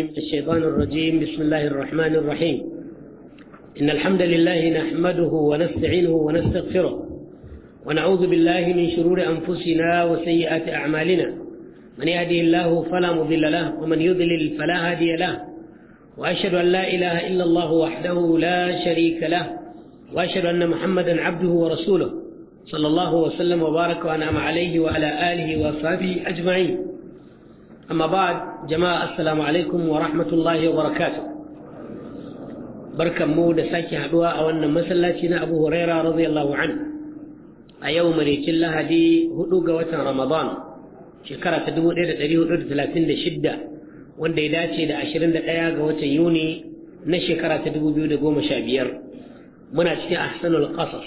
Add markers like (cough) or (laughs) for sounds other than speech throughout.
الشيطان الرجيم بسم الله الرحمن الرحيم إن الحمد لله نحمده ونستعينه ونستغفره ونعوذ بالله من شرور أنفسنا وسيئات أعمالنا من يهدي الله فلا مضل له ومن يضلل فلا هادي له وأشهد أن لا إله إلا الله وحده لا شريك له وأشهد أن محمدا عبده ورسوله صلى الله وسلم وبارك وأنعم عليه وعلى آله وصحبه أجمعين amma ba jama'a assalamu alaikum wa rahmatullahi wa barakatuh barkan mu da sake haɗuwa a wannan masallacin na Abu Huraira radiyallahu an a yau malikin Lahadi hudu ga watan Ramadan shekara ta 1436 wanda ya dace da 21 ga watan Yuni na shekara ta 2015 muna cikin ahsanul qasas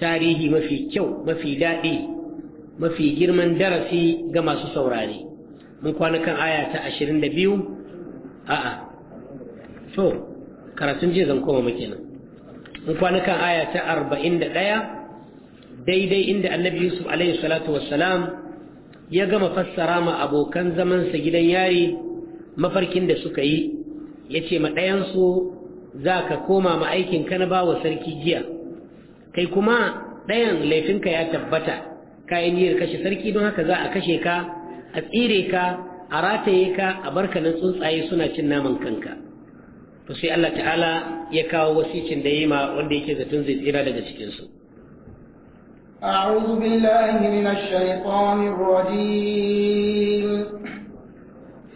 tarihi mafi kyau mafi daɗi mafi girman darasi ga masu saurari. mun kwana kan aya ta ashirin da biyu a'a to karatun je zan koma muke nan mun kwana kan aya ta arba'in da ɗaya daidai inda annabi yusuf alaihi salatu wassalam ya gama fassara ma abokan zamansa gidan yari mafarkin da suka yi ya ce ma ɗayansu za ka koma ma aikin ka na bawa sarki jiya? kai kuma ɗayan laifinka ya tabbata kayan niyyar kashe sarki don haka za a kashe ka a tsire ka a rataye ka a barka nan tsuntsaye suna cin naman kanka to sai Allah ta'ala ya kawo wasicin da yi wanda yake zaton zai tsira daga cikin su أعوذ بالله من الشيطان الرجيم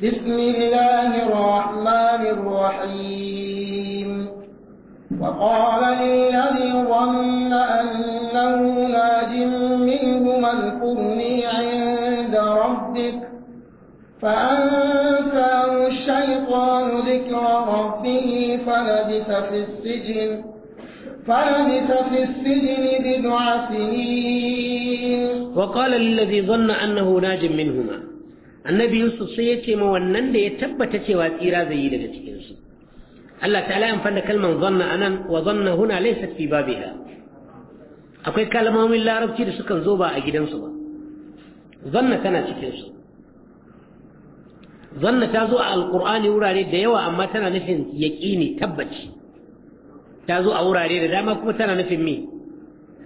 بسم الله الرحمن الرحيم وقال فلبث في السجن فلبث في السجن بضع سنين وقال للذي ظن انه ناج منهما النبي يوسف سيتي مونن ده يتبت سوى تيرا زي دغ cikin su الله تعالى ان فن كلمه ظن انا وظن هنا ليست في بابها akwai kalmomin larabci da رب تشير سكن زوبا gidansu ba ظن كان cikin su zanna ta zo a alqur'ani wurare da yawa amma tana nufin yaqini tabbaci ta zo a wurare da dama kuma tana nufin me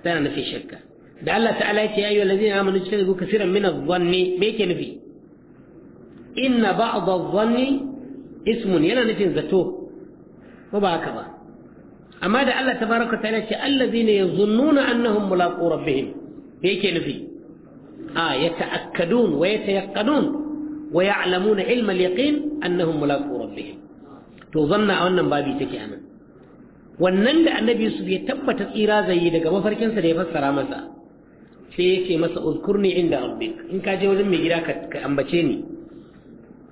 tana nufin shakka da Allah ta'ala ya ce ya ayyuhal ladzina amanu ijtanibu kaseeran min adh-dhanni me yake nufi inna ba'd adh-dhanni ismun yana nufin zato ko ba haka ba amma da Allah tabaraka ta'ala ce allazina yazunnuna annahum mulaqu rabbihim me yake nufi a ah, ya yata'akkadun wa yatayaqqanun ويعلمون علم اليقين أنهم ملاقو ربهم to zanna a wannan babi take nan. wannan da annabi Yusuf ya tabbata tsira zai daga sa da ya fassara masa sai yake masa uzkurni inda rabbik in ka je wajen mai gida ka ambace ni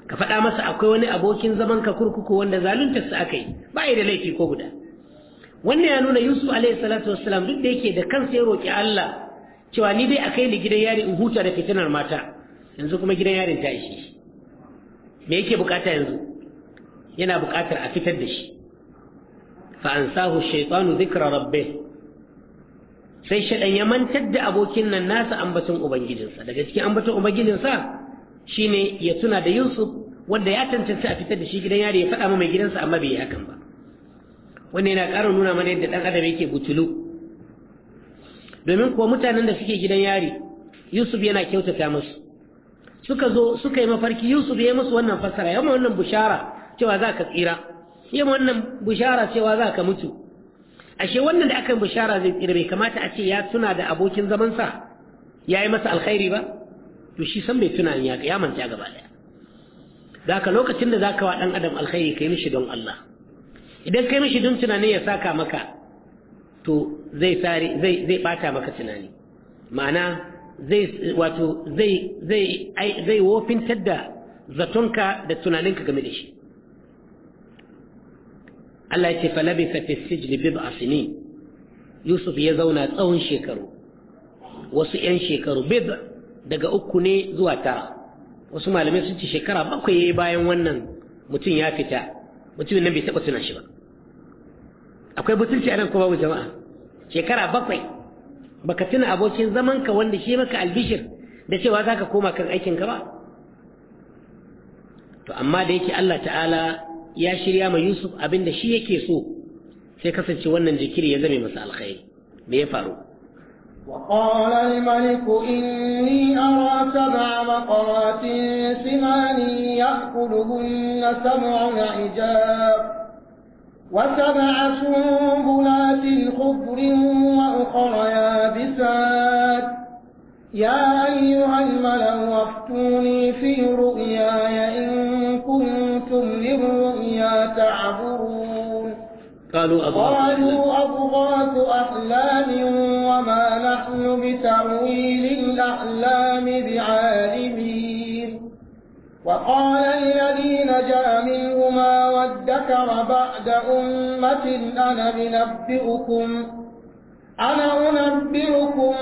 ka faɗa masa akwai wani abokin zaman ka kurkuku wanda zalunta su aka yi ba da laifi ko guda wannan ya nuna Yusuf alaihi salatu wassalam duk da yake da kansa ya roki Allah cewa ni dai akai ni gidan yari in huta da fitinar mata yanzu kuma gidan yarin ta ishe shi me yake bukata yanzu yana bukatar a fitar da shi fa ansahu shaytanu dhikra rabbih sai shaɗan ya mantar da abokin nan nasa ambaton ubangijinsa daga cikin ambaton ubangijinsa shine ya tuna da yusuf wanda ya tantance a fitar da shi gidan yari ya faɗa ma mai gidansa amma bai yi hakan ba wanda yana ƙara nuna mana yadda ɗan adam yake butulu domin kuwa mutanen da suke gidan yari yusuf yana kyautata musu suka zo suka yi mafarki Yusuf ya musu wannan fassara ya wannan bushara cewa za ka tsira ya wannan bushara cewa za ka mutu ashe wannan da aka bushara zai tsira bai kamata a ce ya tuna da abokin zamansa ya yi masa alkhairi ba to shi san bai tuna ya ya manta gaba daya da lokacin da zaka wa dan adam alkhairi kai mishi don Allah idan kai mishi don tunani ya saka maka to zai sare zai zai bata maka tunani ma'ana zai wato zai zai zai wofintar da zatonka da tunaninka game da shi Allah ya ce fa fi sijli bi ba'sini Yusuf ya zauna tsawon shekaru wasu 'yan shekaru bid daga uku ne zuwa tara wasu malamai sun ce shekara bakwai ya yi bayan wannan mutum ya fita mutumin nan bai taɓa tuna shi ba akwai butulci a nan ko babu jama'a shekara bakwai baka tuna abokin zaman ka wanda shi maka albishir da cewa za ka koma kan aikin ka ba to amma da yake Allah ta'ala ya shirya ma Yusuf abin da shi yake so sai kasance wannan jikiri ya zame masa alkhairi me ya faru وقال الملك إني أرى سبع بقرات سمان يأكلهن سبع عجاب وسبع سنبلات خضر وأخر يابسات يا أيها الملأ أفتوني في رؤياي إن كنتم للرؤيا تعبرون قالوا أضغاث أحلام وما نحن بتعويل الأحلام بعالمين وقال الذي نجا منهما وادكر بعد أمة أنا منبئكم أنا أنبئكم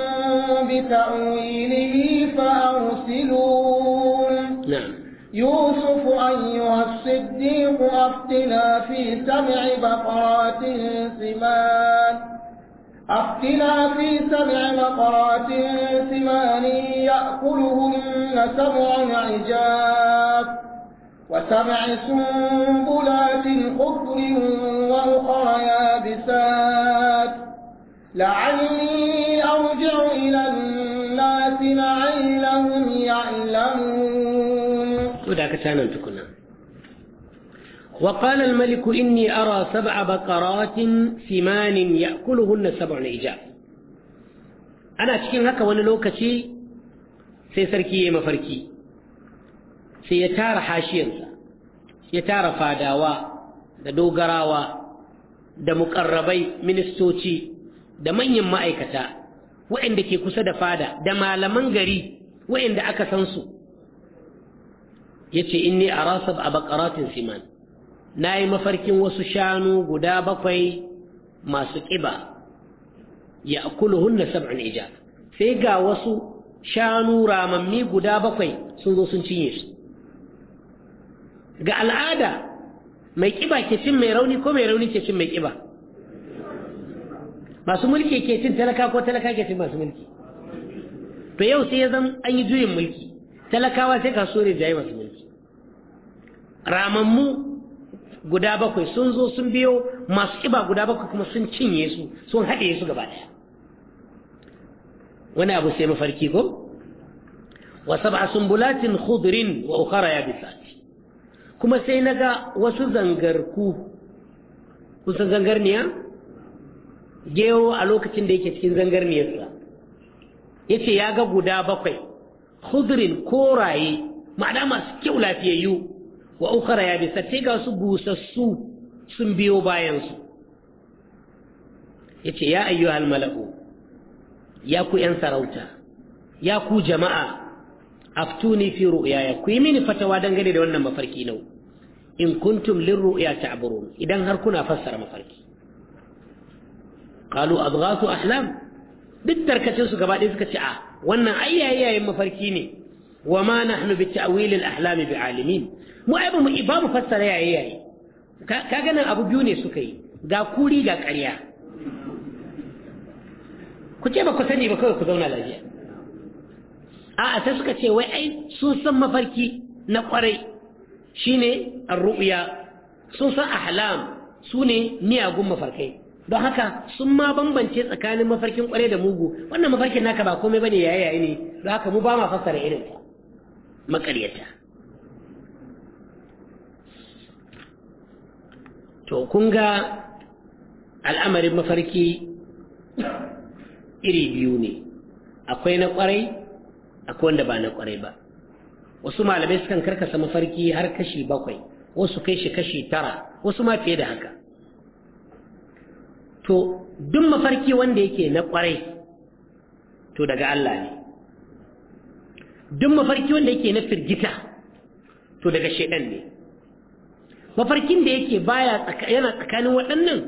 بتأويله فأرسلون نعم يوسف أيها الصديق أفتنا في سبع بقرات سمان أختنا في سبع بقرات ثمان يأكلهن سبع عجاف وسبع سنبلات خضر وأخرى يابسات لعلي أرجع إلى الناس لعلهم يعلمون. وقال الملك إني أرى سبع بقرات سمان يأكلهن سبع lokaci أنا sarki ya وأنا لو كشي سيسركي مفركي سيتار حاشينسا يتار فاداوا da dogarawa da mukarrabai ministoci da manyan ma'aikata waɗanda ke kusa da fada da malaman gari waɗanda aka san su ya ce inni a rasab a bakaratin siman na yi mafarkin wasu shanu guda bakwai masu ƙiba ya akuluhunna sab'un ja. sai ga wasu shanu ramammi guda bakwai sun zo sun cinye su ga al'ada mai ƙiba ke cin mai rauni ko mai rauni ke cin mai ƙiba masu mulki ke cin talaka ko talaka ke cin masu mulki to yau sai ya zan an yi juyin mulki talakawa sai kasuwar jaye masu mulki ramammu guda bakwai sun zo sun biyo masu ƙiba guda bakwai kuma sun cinye su sun haɗe su gaba ɗaya wani abu sai mafarki ko wa sab'a sumbulatin khudrin wa ukhra bisa. kuma sai naga wasu zangarku kun san zangarniya gero a lokacin da yake cikin zangarniyarsa yace ya ga guda bakwai khudrin koraye ma'ana masu kyau lafiyayyu wa ukhra sai ga su busassu sun biyo bayansu. su yace ya ayyuhal mala'u ya ku yan sarauta ya ku jama'a aftuni fi ru'yaya ku yi mini fatawa dangane da wannan mafarki nau in kuntum lirru'ya ta'burun idan har kuna fassara mafarki qalu adghasu ahlam duk tarkacin su gaba ɗaya suka ce a ah, wannan ai mafarki ne wa ma nahnu bi ta'wil al ahlam bi alimin mu ai ba mu ba mu fassara yaye yaye ka ganin abu biyu ne suka yi ga kuri ga ƙarya ku ce ba ku sani ba kawai ku zauna lafiya a'a sai suka ce wai ai sun san mafarki na kwarai shine ar-ru'ya sun san ahlam su ne miyagun mafarkai don haka sun ma bambance tsakanin mafarkin kwarai da mugu wannan mafarkin naka ba komai bane yayi yayi ne don haka mu ba ma fassara irin ta makaryata to kun ga al'amarin mafarki iri biyu ne akwai na kwarai akwai wanda ba na kwarai ba wasu malamai sukan karkasa mafarki har kashi bakwai wasu kai shi kashi tara wasu ma fiye da haka to duk mafarki wanda yake na kwarai to daga Allah ne duk mafarki wanda yake na firgita to daga shaidan ne mafarkin da yake baya yana tsakanin waɗannan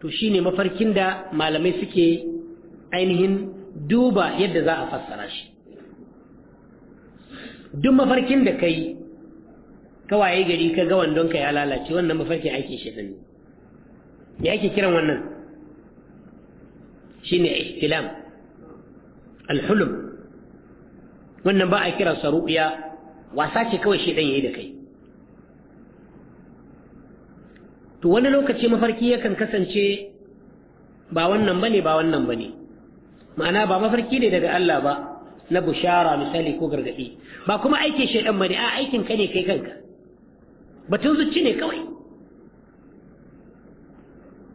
to shi ne mafarkin da malamai suke ainihin duba yadda za a fassara shi duk mafarkin da kai kawaye gari ka ga ka ya lalace wannan mafarkin ake shaɗani ya ake kiran wannan shi ne ihtilam alhulum wannan ba a kira sa wasa ce kawai shi ɗan yayi da kai to wani lokaci mafarki yakan kasance ba wannan bane ba wannan bane ma'ana ba mafarki ne daga Allah ba na bushara misali ko gargadi ba kuma aikin shaidan bane a aikin ka ne kai kanka batun zuci ne kawai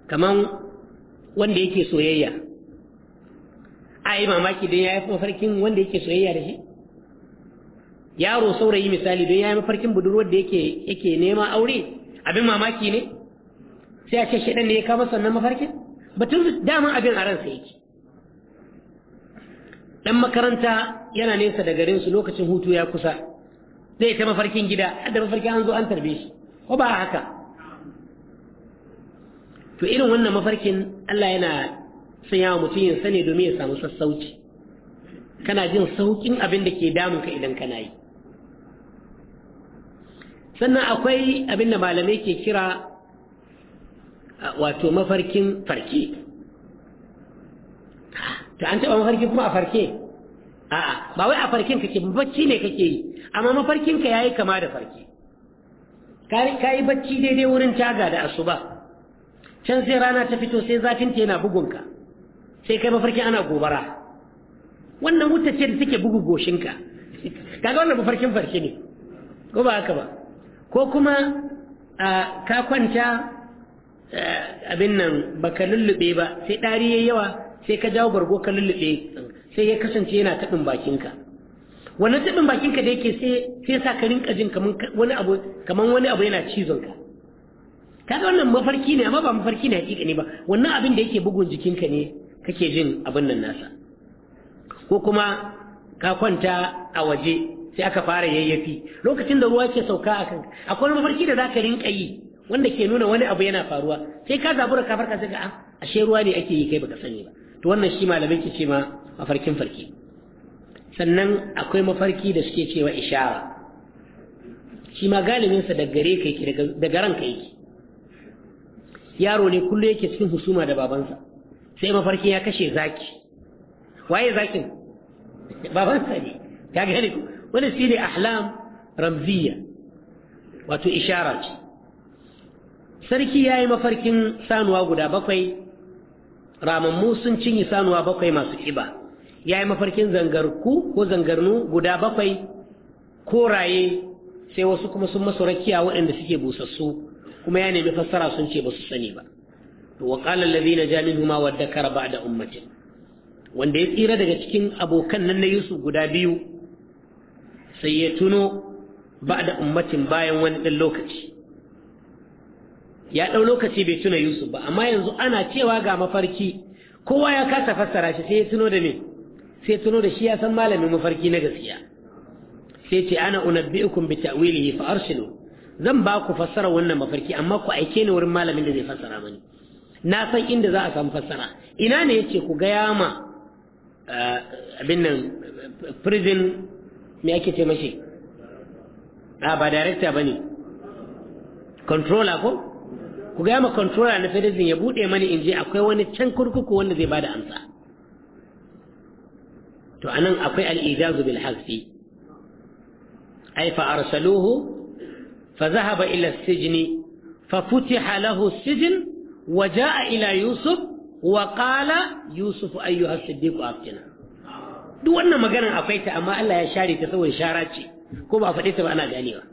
kaman wanda yake soyayya a yi mamaki don ya yi mafarkin wanda yake soyayya da shi yaro saurayi misali don ya yi mafarkin budurwar da yake nema aure abin mamaki ne sai a ce ɗan ne ya kama sannan mafarkin? mafarkin batun daman abin a ransa yake ɗan makaranta yana nesa da garin su lokacin hutu ya kusa zai ta mafarkin gida da mafarkin an zo an tarbe shi ko ba haka to irin wannan mafarkin Allah yana sanya wa mutum yin sani domin ya samu sassauci kana jin saukin abin da ke damun ka idan kana yi sannan akwai abin da malamai ke kira wato mafarkin farke ta an taɓa mafarki kuma a farke a'a ba wai a farkin kake bacci ne kake yi amma mafarkin ka yayi kama da farke ka yi bacci daidai wurin taga da asuba can sai rana ta fito sai zafin ta yana bugunka sai kai mafarkin ana gobara wannan wuta ce da take bugu goshinka (laughs) kaga wannan mafarkin farke ne ko ba haka ba ko kuma ka kwanta Eh, abin nan ba ka lullube ba sai ɗari ya yawa sai ka jawo bargo ka lullube sai ya kasance yana taɓin bakinka wannan taɓin bakinka da yake sai sa ka rinka jin kaman wani abu yana cizonka kaga wannan mafarki ne amma ba mafarki ne hakika ne ba wannan abin da yake bugun jikinka ne kake jin abin nan nasa ko kuma ka kwanta a waje sai aka fara yayyafi lokacin da ruwa ke sauka a kanka akwai mafarki da za ka rinka yi wanda ke nuna wani abu yana faruwa sai ka zabura ka farka sai ka a ah, ashe ruwa ne ake yi kai baka sani ba to wannan shi malamai ke ce ma mafarkin farki sannan akwai mafarki da suke cewa ishara shi ma galibinsa da gare ka yake daga ranka yake yaro ne kullum yake cikin husuma da babansa sai mafarkin ya kashe zaki waye zakin babansa ne ya gane ku wani shi ne ahlam ramziya wato ishara ce sarki ya yi mafarkin sanuwa guda bakwai ramammu sun cinye sanuwa bakwai masu ƙiba ya yi mafarkin zangarku ko zangarnu guda bakwai koraye sai wasu kuma sun masu rakiya waɗanda suke busassu kuma ya nemi fassara sun ce ba su sani ba wa qala alladhina ja wadda kara ba ba'da ummatin wanda ya tsira daga cikin abokan nan na Yusuf guda biyu sai ya tuno ba da ummatin bayan wani ɗan lokaci ya ɗau lokaci bai tuna yusuf ba amma yanzu ana cewa ga mafarki kowa ya kasa fassara shi sai ya tuno da me sai tuno da shi ya san malamin mafarki na gaskiya sai ce ana unabbi'ukum bi ta'wilihi fa arsilu zan ba ku fassara wannan mafarki amma ku aike ni wurin malamin da zai fassara mani na san inda za a samu fassara ina ne yace ku gaya ma eh, abin nan prison me ake ce mashi a ah, ba director bane controller ko ku ga ma controller na federalism ya bude mani in je akwai wani can kurkuku wanda zai bada amsa to anan akwai al-ijazu bil hazfi ay fa arsaluhu fa zahaba ila sijni fa futiha lahu sijn wa jaa ila yusuf wa qala yusuf ayyuha as-siddiq aftina duk wannan maganar akwai ta amma Allah ya share ta saboda shara ce ko ba faɗe ta ba ana ganewa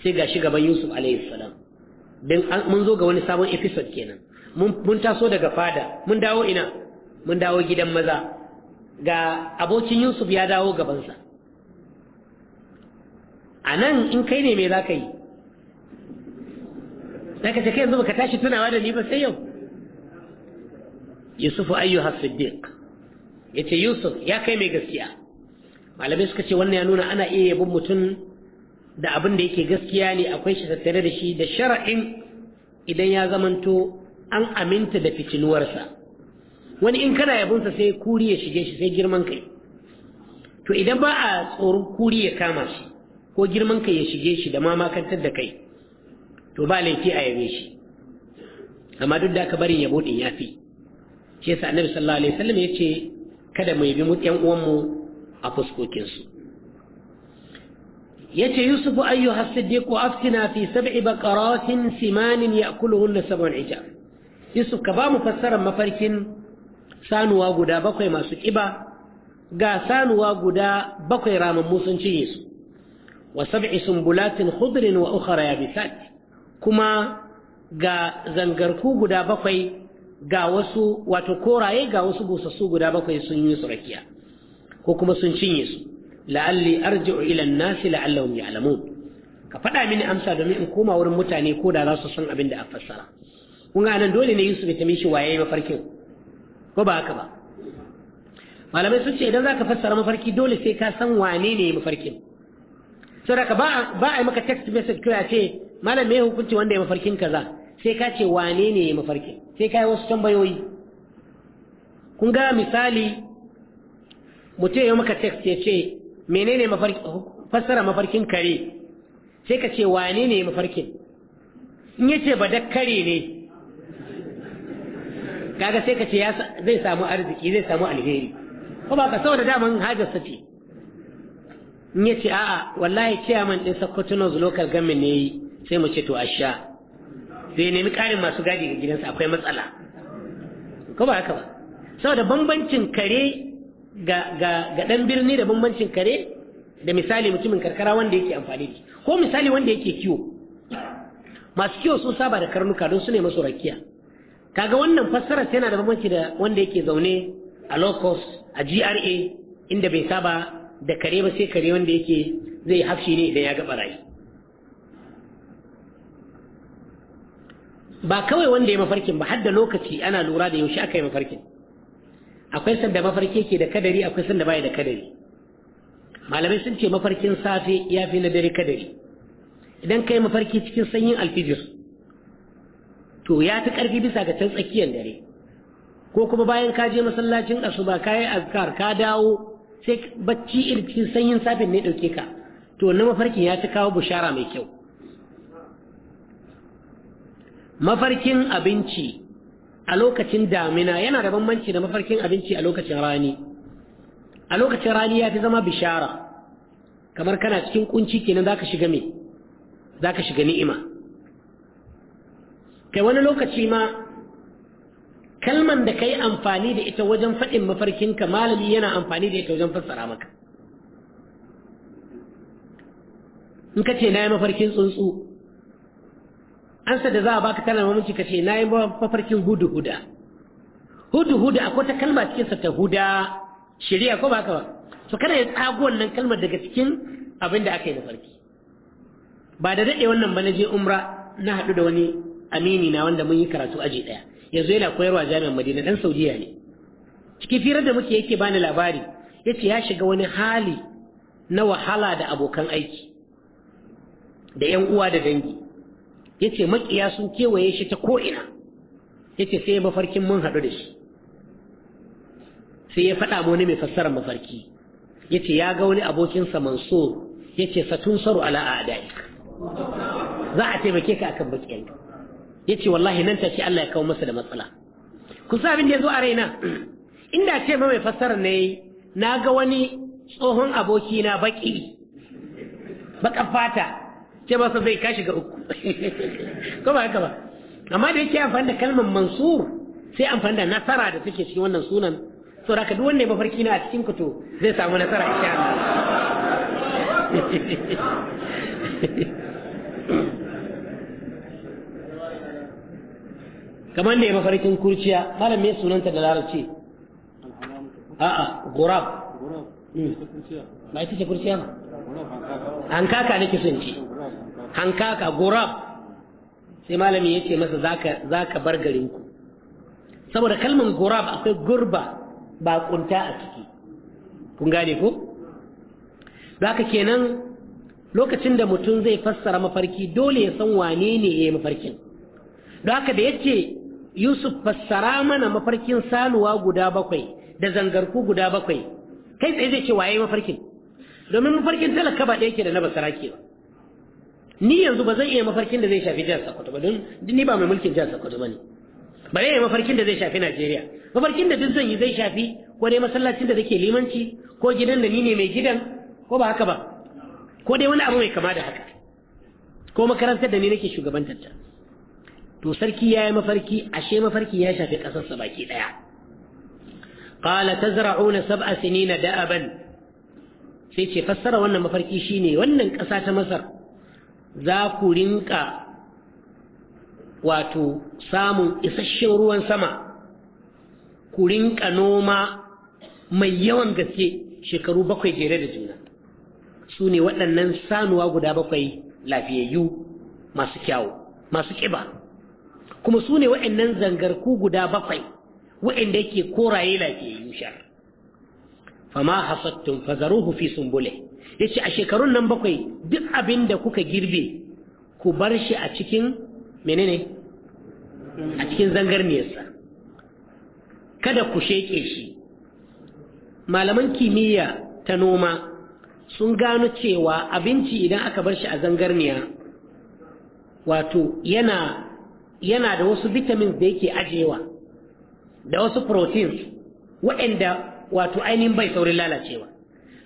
sai ga shi gaban Yusuf alaihi salam mun zo ga wani sabon episode kenan mun taso daga fada mun dawo ina mun dawo gidan maza ga abokin yusuf ya dawo gabansa a nan in kai ne me za ka yi za ka kai yanzu ka tashi tunawa da ni ba sai yau yusufu ayyu siddiq ya ce yusuf ya kai mai gaskiya malamai suka ce wannan ya nuna ana iya yabon mutum da abin da yake gaskiya ne akwai shi tattare da shi da shara'in idan ya zamanto an aminta da fitiluwarsa wani in kana yabinsa sai kuri ya shige shi sai girman kai to idan ba a tsoron kuri ya kama shi ko girman kai ya shige shi da mamakantar da kai to ba laifi a yabe shi amma duk da ka bari barin ya ya fi shi yasa annabi sallallahu alaihi wasallam yace kada mu yabi mu ɗan uwanmu a fuskokinsu Ya ce yusuf ayyuha siddiq aftina fi sab'i baqaratin siman ya'kuluhunna sab'un ijab yusuf ka ba mu fassarar mafarkin sanuwa guda bakwai masu kiba ga sanuwa guda bakwai ramammu sun cinye su wa sab'i sumbulatin khudrin wa ukhra yabisat kuma ga zangarku guda bakwai ga wasu wato koraye ga wasu busassu guda bakwai sun yi surakiya, ko kuma sun cinye su la'alli arji'u ila an nas la'allahum ya'lamun ka faɗa mini amsa domin in koma wurin mutane ko da za su san abin da a fassara kun ga nan dole ne Yusuf ya shi waye mafarkin ko ba haka ba malamai sun ce idan zaka fassara mafarki dole sai ka san wane ne mafarkin saboda ba ba a maka text message kira ce malam me hukunci wanda ya mafarkin kaza sai ka ce wane ne mafarkin sai ka yi wasu tambayoyi kun ga misali mutum ya yi maka text ya ce menene mafarkin fassara mafarkin kare sai ka ce wane ne mafarkin in yace kare ne kaga sai ka ce zai samu arziki zai samu alheri ko ba ka saboda daman hajarsa ce in ya ce a'a wallahi chairman din Sokoto North local government ne yi sai mu ce to asha sai nemi karin masu gadi ga gidansa akwai matsala ko ba haka ba saboda bambancin kare ga ɗan birni da bambancin kare da misali mutumin karkara wanda yake amfani da ko misali wanda yake kiwo masu kiwo sun saba da karnuka don su ne masu rakiya kaga wannan fassara tana da bambanci da wanda yake zaune a locus a gra inda bai saba da kare ba sai kare wanda yake zai hafshi ne idan ya ga barayi ba kawai wanda ya mafarkin ba har lokaci ana lura da yaushe aka yi mafarkin akwai sanda mafarki ke da kadari akwai sanda bai da kadari malamai sun ce mafarkin safe ya fi na dare kadari idan kai mafarki cikin sanyin alfijir to ya fi karfi bisa ga can tsakiyar dare ko kuma bayan ka je masallacin asuba ka yi azkar ka dawo sai bacci irin cikin sanyin safin ne dauke ka to na mafarkin ya fi kawo bushara mai kyau mafarkin abinci a lokacin damina yana da bambanci da mafarkin abinci a lokacin rani a lokacin rani ya fi zama bishara kamar kana cikin kunci kenan zaka shiga me zaka shiga ni'ima kai wani lokaci ma kalman da kai amfani da ita wajen faɗin ka, malami yana amfani da ita wajen fassara maka in ka ce na yi mafarkin tsuntsu ansa da za a baka tana mamanci ka ce na yi mafarkin hudu huda hudu huda akwai ta kalma cikin sa ta huda shari'a ko ba ka ba to kada ya tsago wannan kalmar daga cikin abin da aka yi mafarki ba da daɗe wannan ba na je umra na haɗu da wani amini na wanda mun yi karatu aji daya yanzu yana koyarwa jami'an madina Dan saudiya ne Ciki, firar da muke yake bani labari ya ce ya shiga wani hali na wahala da abokan aiki da 'yan uwa da dangi yace makiya sun kewaye shi ta ko'ina yace sai ya mafarkin mun haɗu da shi sai ya faɗa wani mai fassarar mafarki yace ya ga wani abokinsa mansur yace satun saru ala a'daik za a taimake ka akan makiyanka yace wallahi nan ta ce Allah ya kawo masa da matsala kusa abin da ya zo a raina (clears throat) inda ce ma mai fassarar ne na ga wani tsohon abokina baki baka fata ce ba su zai ka shiga uku (laughs) ko ba haka ba amma da yake amfani da kalmar mansur sai amfani da nasara da take cikin wannan sunan to da duk wanda ya mafarki na a cikin ku to zai samu nasara insha Allah (laughs) kamar da ya mafarkin kurciya malam mai sunanta da larabci a'a gurab hmm. ba ita ce kurciya ba an kaka nake son ci hankaka gurab sai malami ya ce masa za ka bar garinku saboda kalmar gurab akwai gurba ba kunta a ciki kun gane ko za ka kenan lokacin da mutum zai fassara mafarki dole ya san wane ne ya yi mafarkin don haka da ya ce yusuf fassara mana mafarkin saluwa guda bakwai da zangarku guda bakwai kai tsaye zai ce waye mafarkin domin mafarkin talaka ba ɗaya ke da na basara ke ba ni yanzu ba zan iya mafarkin da zai shafi jihar Sokoto ba don ni ba mai mulkin jihar Sokoto bane ba zai iya mafarkin da zai shafi Najeriya mafarkin da duk zan yi zai shafi ko dai masallacin da take limanci ko gidan da ni ne mai gidan ko ba haka ba ko dai wani abu mai kama da haka ko makarantar da ni nake shugabantar ta to sarki ya yi mafarki ashe mafarki ya shafi ƙasarsa baki ɗaya ƙala ta zara'una sab'a sinina da'aban sai ce fassara wannan mafarki shine wannan ƙasa ta masar za ku rinka wato samun isasshen ruwan sama ku rinka noma mai yawan gaske shekaru bakwai jere da juna su ne waɗannan sanuwa guda bakwai lafiyayyu masu kyawu masu ƙiba kuma su ne waɗannan zangarku guda bakwai waɗanda yake koraye lafiyayyu shar fama hasattun fazaruhu fi sumbule Ya ce a shekarun nan bakwai duk abin da kuka girbe ku bar shi a cikin menene a cikin zangarniyarsa kada ku sheke shi malaman kimiyya ta noma sun gano cewa abinci idan aka bar shi a zangarniya wato yana yana da wasu vitamins da yake ajewa da wasu proteins waɗanda wato ainihin bai saurin lalacewa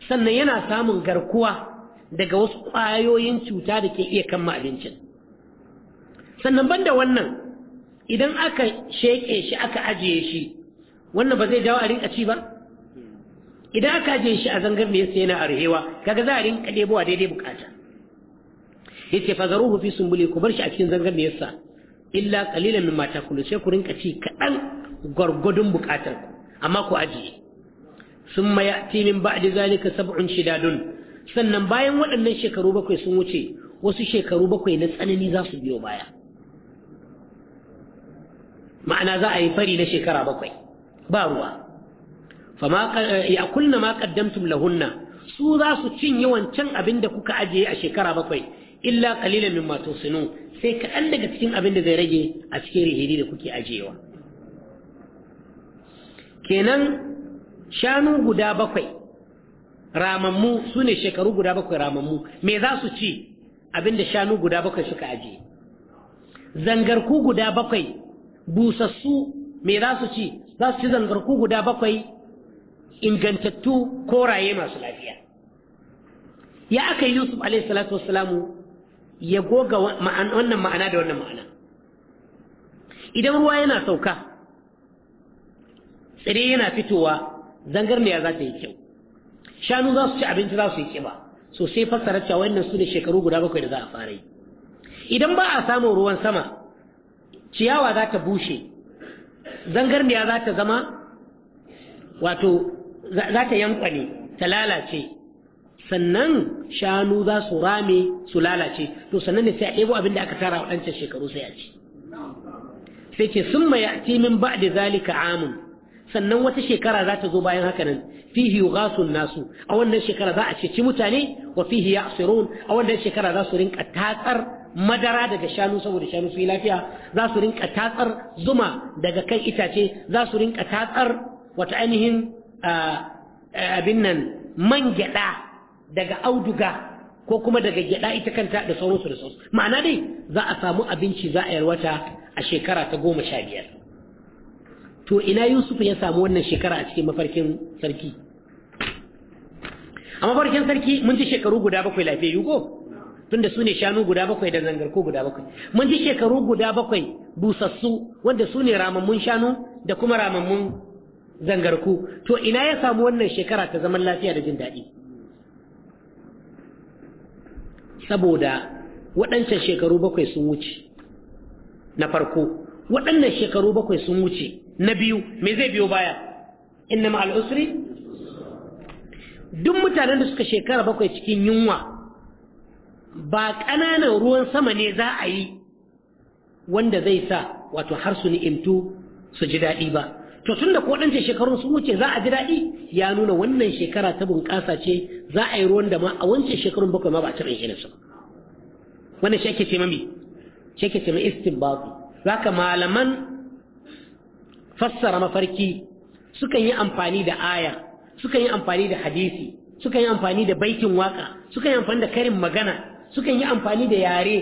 sannan yana samun garkuwa daga wasu ƙwayoyin cuta da ke iya kama abincin sannan banda wannan idan aka sheke shi aka ajiye shi wannan ba zai jawo a rinka ci ba idan aka ajiye shi a zangar mai yasa yana arhewa kaga za a rinka ɗebowa daidai bukata yace fa zaruhu fi sumbuli ku bar shi a cikin zangar mai yasa illa qalilan mimma takulu sai ku rinka ci kaɗan gwargwadon bukatar ku amma ku ajiye sun mayati min ba'di zalika sab'un shidadun sannan bayan waɗannan shekaru bakwai sun wuce wasu shekaru bakwai na tsanani za su biyo baya ma'ana za a yi fari na shekara bakwai ba ruwa ya eh, kunna ma qaddamtum lahunna su za su cinye wancan abin da kuka ajiye a shekara bakwai illa qalilan mimma tusinu sai kaɗan daga cikin abin da zai rage a cikin rihiri da kuke ajiyewa kenan shanu guda bakwai ramammu su ne shekaru guda bakwai ramammu me za su ci abinda shanu guda bakwai suka aje zangarku guda bakwai busassu me za su ci za su ci zangarku guda bakwai ingantattu koraye masu lafiya ya aka yi yusuf alaihi salatu wassalamu ya goga wannan ma'ana da wannan ma'ana idan ruwa yana sauka tsire yana fitowa zangarniya za ta yi kyau shanu za su ci abinci za su yi kiba so sai fassara cewa wannan su ne shekaru guda bakwai da za a fara yi idan ba a samun ruwan sama ciyawa za ta bushe zangarniya za ta zama wato za ta yankwane ta lalace sannan shanu za su rame su lalace to sannan ne sai a ɗebo abin da aka tara waɗancan shekaru sai a ci sai ce sun ma ya'ti min ba'da zalika amun sannan wata shekara za ta zo bayan haka nan fihi yughasun nasu a wannan shekara za a ceci mutane wa fihi ya'sirun a wannan shekara za su rinka tatsar madara daga shanu saboda shanu su yi lafiya za su rinka tatsar zuma daga kan itace za su rinka tatsar wata ainihin abin nan man gyada daga auduga ko kuma daga gyada ita kanta da sauransu da sauransu ma'ana dai za a samu abinci za a yarwata a shekara ta goma sha biyar to ina yusuf ya samu wannan shekara a cikin mafarkin sarki a mafarkin sarki mun ji shekaru guda bakwai lafiyayyu ko tunda su ne shanu guda bakwai da zangarko guda bakwai mun ji shekaru guda bakwai busassu wanda su ne ramammun shanu da kuma ramammun zangarku to ina ya samu wannan shekara ta zaman lafiya da jin daɗi saboda waɗancan shekaru bakwai sun wuce na farko waɗannan shekaru bakwai sun wuce na biyu me zai biyo baya inna ma al'usri duk mutanen da suka shekara bakwai cikin yunwa ba ƙananan ruwan sama ne za a yi wanda zai sa wato har su ni'imtu su ji daɗi ba to tun da waɗancan shekarun sun wuce za a ji daɗi ya nuna wannan shekara ta bunƙasa ce za a yi ruwan da ma a wancan shekarun bakwai ma ba a taɓa yin wannan shi ake ce mami shi ake ce mai Za ka malaman fassara mafarki sukan yi amfani da aya sukan yi amfani da hadisi sukan yi amfani da baitin waka sukan yi amfani da karin magana sukan yi amfani da yare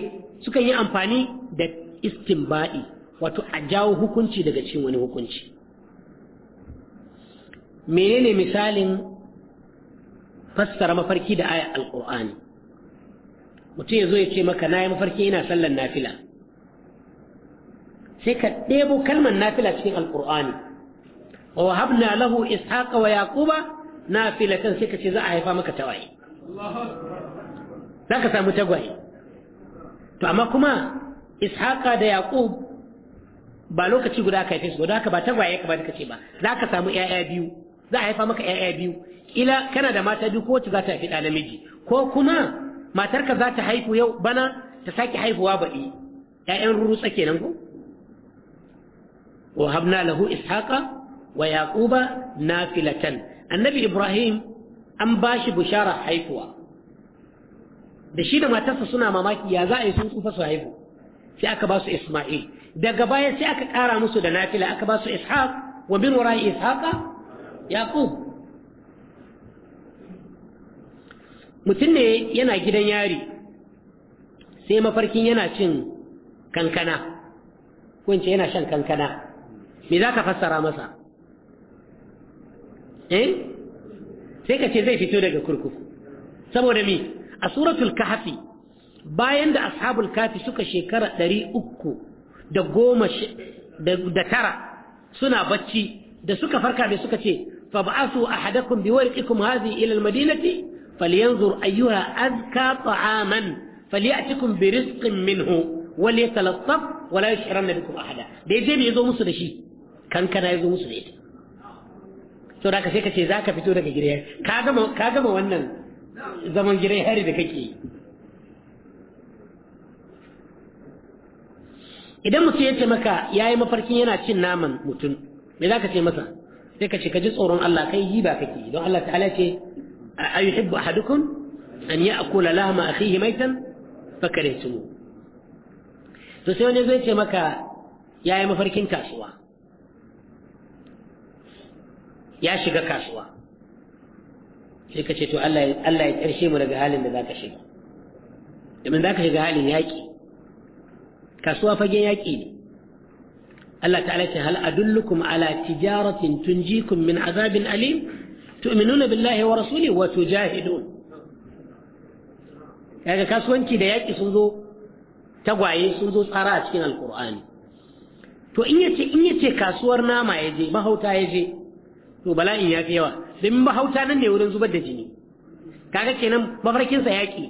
sukan yi amfani da istinbadi wato a jawo hukunci daga cikin wani hukunci menene misalin fassara mafarki da aya alqur'ani mutum ya zo ya ce maka na yi mafarki ina sallan nafila sai ka ɗebo kalmar nafila cikin alƙur'ani wa wahabna lahu ishaqa wa yaquba nafilatan sai ka ce za a haifa maka tawaye za ka samu tagwaye to amma kuma ishaqa da yaqub ba lokaci guda ka haife su don haka ba tagwaye ka ba ka ce ba za ka samu ƴaƴa biyu za a haifa maka ƴaƴa biyu ila kana da mata biyu ko wacce za ta haifi ɗa namiji ko kuma matarka za ta haihu yau bana ta sake haihuwa baɗi ‘ya’yan ruru kenan ko wa habna lahu ishaqa wa yaquba nafilatan annabi ibrahim an bashi bushara haifuwa da shi da matarsa suna mamaki ya za a yi sun su haihu sai aka ba isma'il daga baya sai aka ƙara musu da nafila aka ba su wa min wara'i ishaqa yaqub mutum ne yana gidan yari sai mafarkin yana cin kankana ko yana shan kankana me za ka fassara masa eh sai ka ce zai fito daga kurkuku saboda mi a suratul kahfi bayan da ashabul kafi suka shekara ɗari uku da goma da tara suna bacci da suka farka da suka ce fab'asu ba'asu ahadakum bi warqikum hadhihi ila almadinati falyanzur ayyuha azka ta'aman falyatikum bi rizqin minhu وليتلطف ولا يشعرن بكم احدا da yaje bai zo musu da shi kankana ya zo musu da ita to da ka sai ka ce za ka fito daga gire ka gama ka gama wannan zaman gire hari da kake yi idan mutum ya ce maka ya yi mafarkin yana cin naman mutum me za ka ce masa sai ka ce ka ji tsoron Allah kai yi ba kake don Allah ta'ala ce a yi hibba hadukun an ya'kula a fihi maitan fakare to sai wani zai ce maka ya yi mafarkin kasuwa ya shiga kasuwa sai ka ce to Allah ya karshe mu daga halin da zaka shiga domin zaka shiga halin yaƙi kasuwa fagen yaƙi ne Allah ta'ala ce hal adullukum ala tijaratin tunjikum min azabin alim tu'minuna billahi wa rasulihi wa tujahidun kaga kasuwanci da yaƙi sun zo tagwaye sun zo tsara a cikin alkur'ani to in yace in yace kasuwar nama ya je mahauta ya je to bala'i ya fi yawa domin mahauta nan ne wurin zubar da jini kaga kenan mafarkinsa yaƙi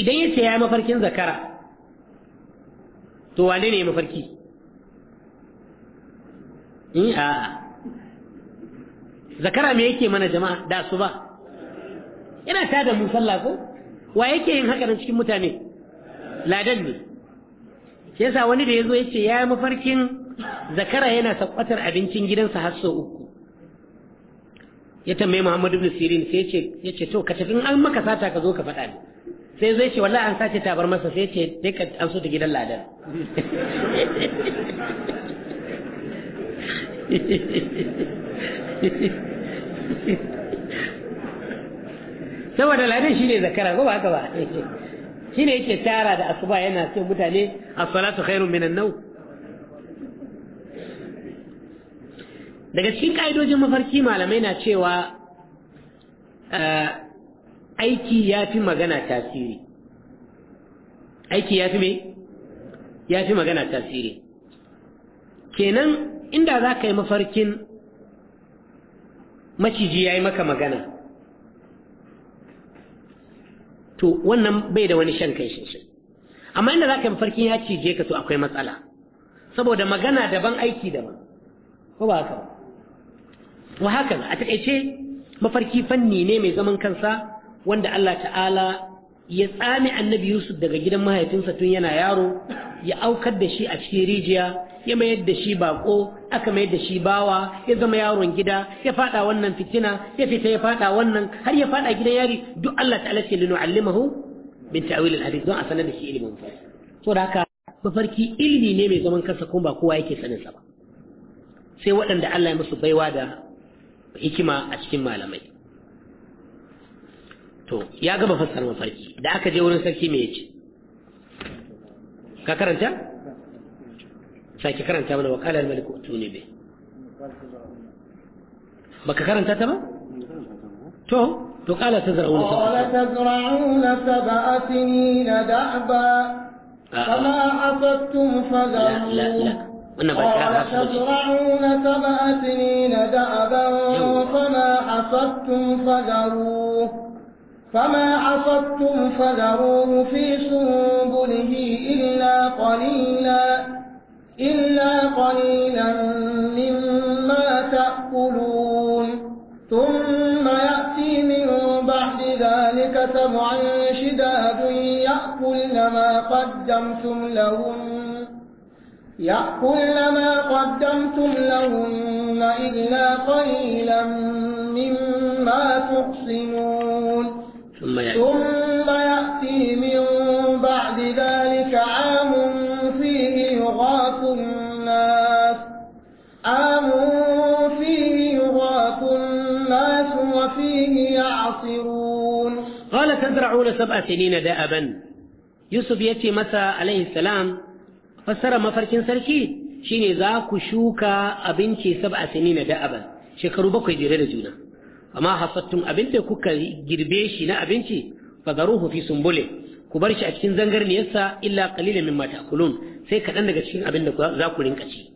idan ya ce ya mafarkin zakara to wane ne mafarki in eh, a zakara me yake mana jama'a da su ba Ina ta da musalla ko wa yake yin haka nan cikin mutane ladan ne shi yasa wani da yazo yace yi mafarkin zakara yana sakwatar abincin gidansa har sau uku ya tambaye Muhammadu ibn Sirin sai yace yace to ka tafi an maka sata ka zo ka faɗa ni sai zai ce wallahi an sace tabar masa sai yace dai ka an so ta gidan ladan (laughs) saboda ladan shine zakara ko ba haka ba ne yake tara da asuba yana ce mutane as-salatu khairun minan nau. daga cikin ka'idojin mafarki malamai na cewa eh, aiki ya fi magana tasiri aiki ya fi me ya fi magana tasiri kenan inda za ka yi mafarkin maciji ya yi maka magana to wannan bai da wani shan kai shi amma inda zaka mafarkin ya cije ka to akwai matsala saboda magana daban aiki daban ko ba haka ba wa haka a takaice mafarki fanni ne mai zaman kansa wanda Allah ta'ala ya tsame annabi yusuf daga gidan mahaifinsa tun yana yaro ya aukar da shi a cikin rijiya ya mayar da shi bako aka mayar da shi bawa ya zama yaron gida ya fada wannan fitina ya fita ya fada wannan har ya fada gidan yari duk Allah ta'ala ce Lino allimahu bin ta'wil al-hadith don a sanar da shi ilimin farki to da haka mafarki ilimi ne mai zaman kansa kuma ba kowa yake sanin sa ba sai waɗanda Allah ya musu baiwa da hikima a cikin malamai to ya gaba fassar mafarki da aka je wurin sarki me yace ka karanta sake karanta mana wa qala al malik utuni bi baka karanta ta ba to to qala tazra'una qala tazra'una sab'atin da'ba فما حصدتم فذروا لا لا لا قال تزرعون سبع سنين دأبا فما حصدتم فذروه فما عصدتم فذروه في سنبله إلا قليلا إلا قليلا مما تأكلون ثم يأتي من بعد ذلك سبع شداد يأكلن ما قدمتم لهم يأكلن ما قدمتم لهن إلا قليلا مما تحصنون ثم يأتي, ثم يأتي من بعد ذلك عام فيه يغاث الناس عام فيه يغاث الناس وفيه يعصرون قال تزرعون سبع سنين دابا يوسف يأتي مساء عليه السلام فسر ما sarki shine شيني ذاك shuka أبنتي سبع سنين دابا shekaru bakwai jere amma hasattun abin da kuka girbe shi na abinci fadaruhu fi sumbule ku bar shi a cikin zangarniyarsa illa qalilan mimma ta'kulun sai kaɗan daga cikin abin da za ku rinka ci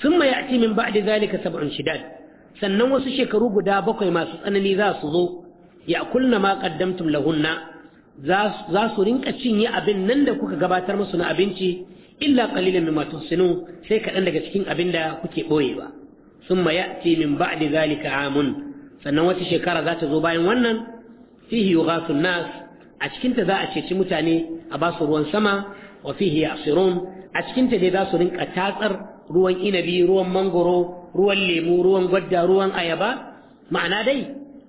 thumma ya'ti min ba'di zalika sab'un shidad sannan wasu shekaru guda bakwai masu tsanani za su zo ya'kulna ma qaddamtum lahunna za su rinka cinye abin nan da kuka gabatar musu na abinci illa qalilan mimma tuhsinu sai kaɗan daga cikin abin da kuke boyewa thumma ya'ti min ba'di zalika amun sannan wata shekara za ta zo bayan wannan fihi yughasu nas a cikinta za a ceci mutane a ba su ruwan sama wa fihi yasirun a cikinta dai za su rinka tatsar ruwan inabi ruwan mangoro ruwan lemu ruwan gwadda ruwan ayaba ma'ana dai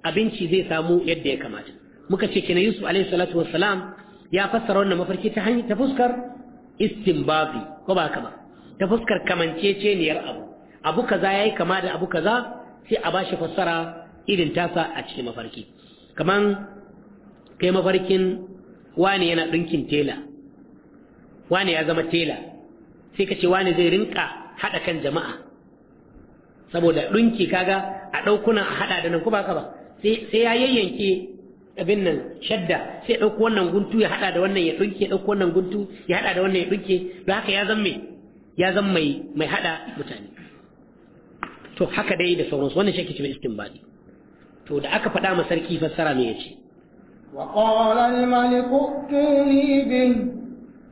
abinci zai samu yadda ya kamata muka ce kina yusuf Alayhi salatu wassalam ya fassara wannan mafarki ta hanyar ta fuskar istinbabi ko ba haka ba ta fuskar kamanceceniyar abu abu kaza yayi kama da abu kaza sai a bashi fassara irin tasa a cikin mafarki kaman kai mafarkin wani yana ɗinkin tela wani ya zama tela sai ka ce wani zai rinka haɗa kan jama'a saboda ɗinki kaga a ɗaukuna a haɗa da nan ko ba ka ba sai ya yayyanke abin nan shadda sai ya ɗauko wannan guntu ya haɗa da wannan ya ɗinke ya ɗauko wannan guntu ya haɗa da wannan ya ɗinke don haka ya zama mai ya zama mai haɗa mutane to haka dai da sauransu wannan shi ake cewa istinbadi to da aka faɗa ma sarki fassara me yace wa qala al malik tuni bin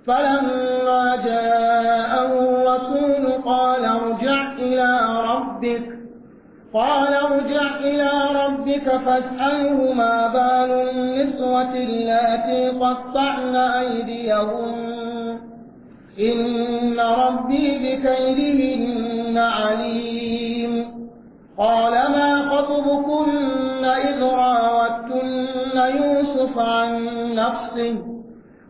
falamma ja'ahu rasul qala irji' ila rabbik قال ارجع إلى ربك فاسأله ما بال النسوة التي قطعن أيديهن إن ربي بكيدهن عليم قال ما خطبكن إذ راوتن يوسف عن نفسه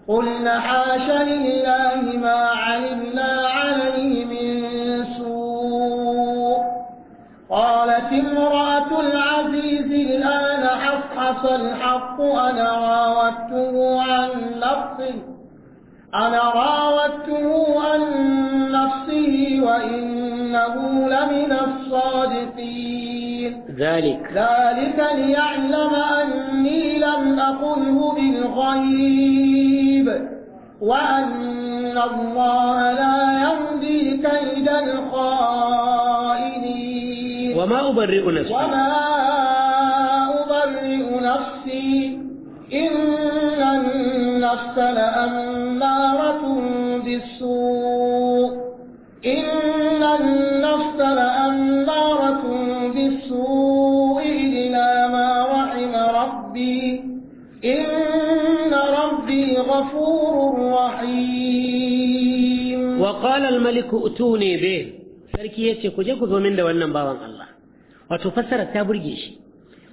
قلن حاش لله ما علمنا عليه من سوء قالت امرأة العزيز الآن حصحص الحق أنا راودته عن نفسه أنا راودته عن نفسه وإنه لمن الصادقين ذلك ذلك ليعلم أني لم أقله بالغيب وأن الله لا يمضي كيد الخائنين وما أبرئ نفسي وما أبرئ نفسي إن النفس لأمارة بالسوء إن النفس غفور رحيم وقال الملك اتوني به sarki ya ce ku je ku zo min da wannan bawan Allah wato fassara ta burge shi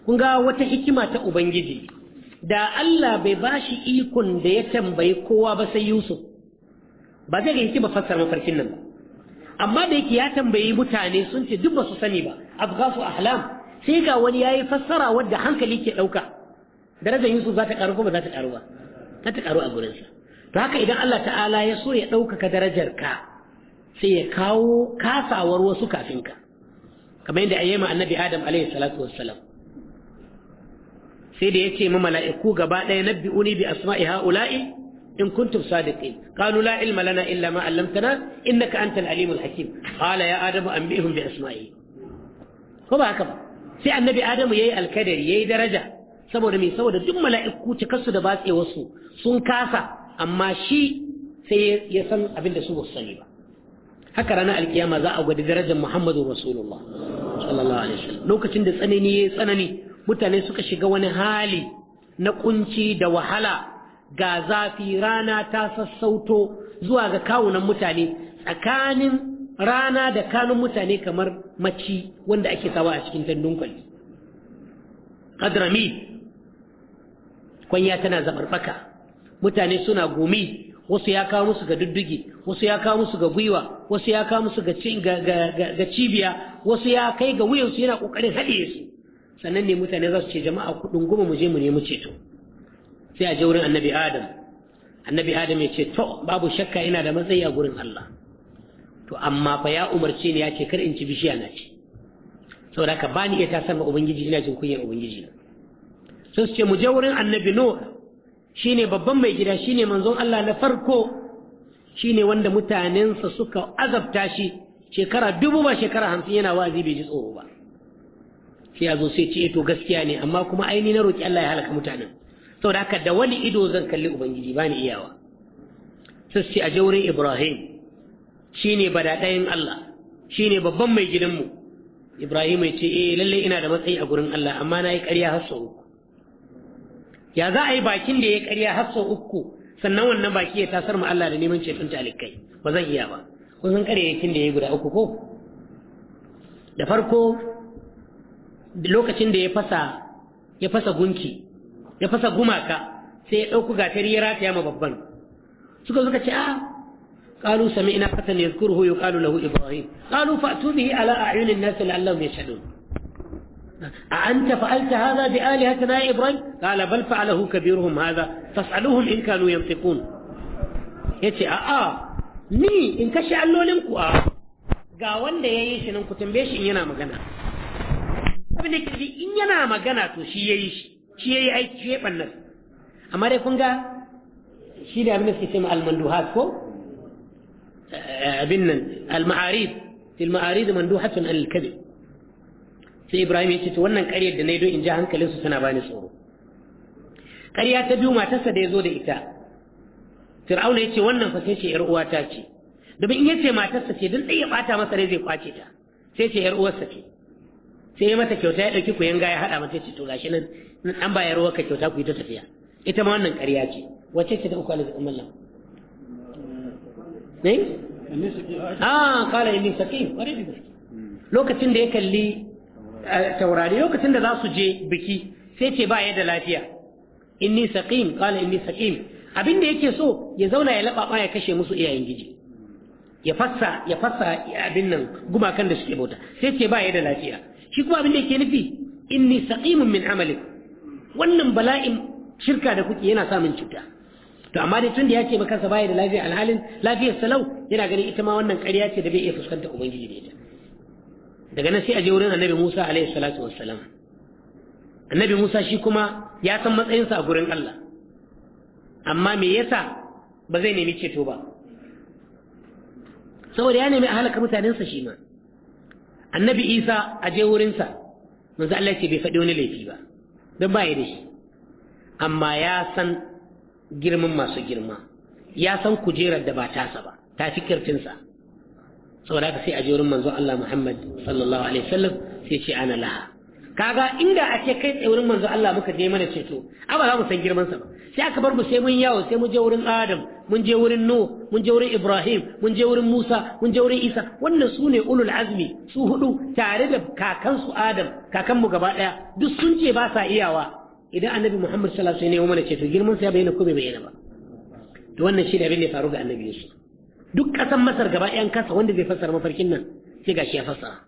kun ga wata hikima ta ubangiji da Allah bai bashi ikon da ya tambayi kowa ba sai Yusuf ba zai ga hikima fassara mafarkin nan ba amma da yake ya tambayi mutane sun ce duk ba su sani ba abghasu ahlam sai ga wani ya yi fassara wadda hankali ke ɗauka, daraja Yusuf za ta karu ko ba za ta karu ba za ta karu a gurinsa to haka idan Allah ta'ala ya so ya ɗaukaka darajar ka sai ya kawo kasawar wasu kafin ka kamar yadda ayyama annabi adam alaihi salatu wassalam sai da yace ma mala'iku gaba ɗaya nabbi'uni bi asma'i ha'ula'i in kuntum sadiqin qalu la ilma lana illa ma 'allamtana innaka antal alimul hakim qala ya adamu anbi'hum bi asma'i ko ba haka ba sai annabi adamu yayi alkadari yayi daraja saboda mai saboda duk mala'iku cikarsu da batsewarsu sun kasa amma shi sai ya san abin da su ba sani ba haka rana alkiyama za a gwada darajar muhammadu rasulullah sallallahu alaihi wasallam lokacin da tsanani ya tsanani mutane suka shiga wani hali na kunci da wahala ga zafi rana ta sassauto zuwa ga kawunan mutane tsakanin rana da kanun mutane kamar maci wanda ake sawa a cikin tandun kwali kwanya tana zabarbaka mutane suna gumi wasu ya kawo musu ga duddugi wasu ya kawo musu ga gwiwa wasu ya kawo musu ga, ga, cibiya wasu ya kai ga wuyansu yana kokarin haɗiye su sannan ne mutane za su ce jama'a kuɗin goma mu je mu nemi ceto sai a je wurin annabi adam annabi adam ya ce to babu shakka ina da matsayi a gurin allah to amma fa ya umarce ni ya ce kar in ci bishiya na ci saboda ka bani iya tasar ma ubangiji ina jin kunyar ubangiji na sun ce mu je wurin annabi nuh shine babban mai gida shine manzon Allah na farko shine wanda mutanensa suka azabta shi shekara dubu ba shekara hamsin yana wa'azi bai ji tsoro ba sai ya zo sai ce eh, to gaskiya ne amma kuma aini na roki Allah ya halaka mutanen saboda haka da wani ido zan kalli ubangiji ba ni iyawa sai ce a je wurin Ibrahim shine badadayin Allah shine babban mai gidanmu Ibrahim ya ce eh lalle ina da matsayi a gurin Allah amma na yi ƙarya har sau ya za a yi bakin da ya karya har sau uku sannan wannan baki ya tasar mu Allah da neman ceton talikai ba zan iya ba ko kun san yakin da ya yi guda uku ko da farko lokacin da ya fasa ya fasa gunki ya fasa gumaka sai ya ɗauku gatari ya rataya ma babban suka suka ce a قالوا سمعنا فتى يذكره يقال له إبراهيم قالوا فأتوا به على أعين الناس لعلهم يشهدون أأنت فعلت هذا بآلهتنا يا إبراهيم قال بل فعله كبيرهم هذا فاسألوهم إن كانوا ينطقون يتي آآ ني إن كشي اللولنكو آآ ga wanda ya yi shi tambaye shi in yana magana abin da ke in yana magana to shi ya yi shi shi ya yi aiki shi ya ɓannar shi da abin eh, eh, abin nan مندوحة الكذب sai ibrahim ya ce to wannan ƙaryar da na yi don in ji hankalinsu tana bani tsoro ƙarya ta biyu matarsa da ya zo da ita fir'auna ya ce wannan fa sai ce yar uwata ce domin in ya ce matarsa ce don ɗaya ɓata masa rai zai kwace ta sai ce yar uwarsa ce sai ya mata kyauta ya ɗauki ku yanga ya haɗa mata ce to gashi nan an ba yarwar ka kyauta ku yi ta tafiya ita ma wannan ƙarya ce wacce ce ta uku ala umman lam ne ah kala yi saqim sakin lokacin da ya kalli taurari lokacin da za su je biki sai ce ba ya da lafiya inni saqim qala inni saqim abin da yake so ya zauna ya laɓaɓa ya kashe musu iyayen giji ya fassa ya fassa abin nan gumakan da suke bauta sai ce ba ya da lafiya shi kuma abin da yake nufi inni saqimun min amalik wannan bala'in shirka da kuke yana samun cuta to amma dai tun da ya ce ba kansa baya da lafiya alhalin lafiyar salau yana ganin ita ma wannan ƙarya ce da bai iya fuskantar ubangiji da ita daga nan sai a je wurin annabi Musa alaihi salatu wassalam annabi Musa shi kuma ya san matsayinsa a gurin Allah amma me yasa ba zai nemi ceto ba saboda ya nemi a halaka mutanensa shi ma annabi Isa a je wurinsa manzo Allah ce bai faɗi wani laifi ba don ba ya da shi amma ya san girman masu girma ya san kujerar da ba tasa ba ta fi kirtinsa saboda haka sai a je wurin manzo Allah Muhammad sallallahu alaihi wasallam sai ce ana laha kaga inda a ce kai wurin manzo Allah muka je mana ceto a ba za mu san girman sa ba sai aka bar mu sai mun yawo sai mun je wurin Adam mun je wurin Nuh mun je wurin Ibrahim mun je wurin Musa mun je wurin Isa wannan su ne ulul azmi su hudu tare da kakan su Adam kakan mu gaba daya duk sun ce ba sa iyawa idan annabi Muhammad sallallahu alaihi wasallam ya mana ceto girman sa ya bayyana ko bai bayyana ba to wannan shi ne abin da ya faru ga annabi Yusuf duk ƙasan masar gaba ɗayan kasa wanda zai fassara mafarkin nan sai gashi ya fassara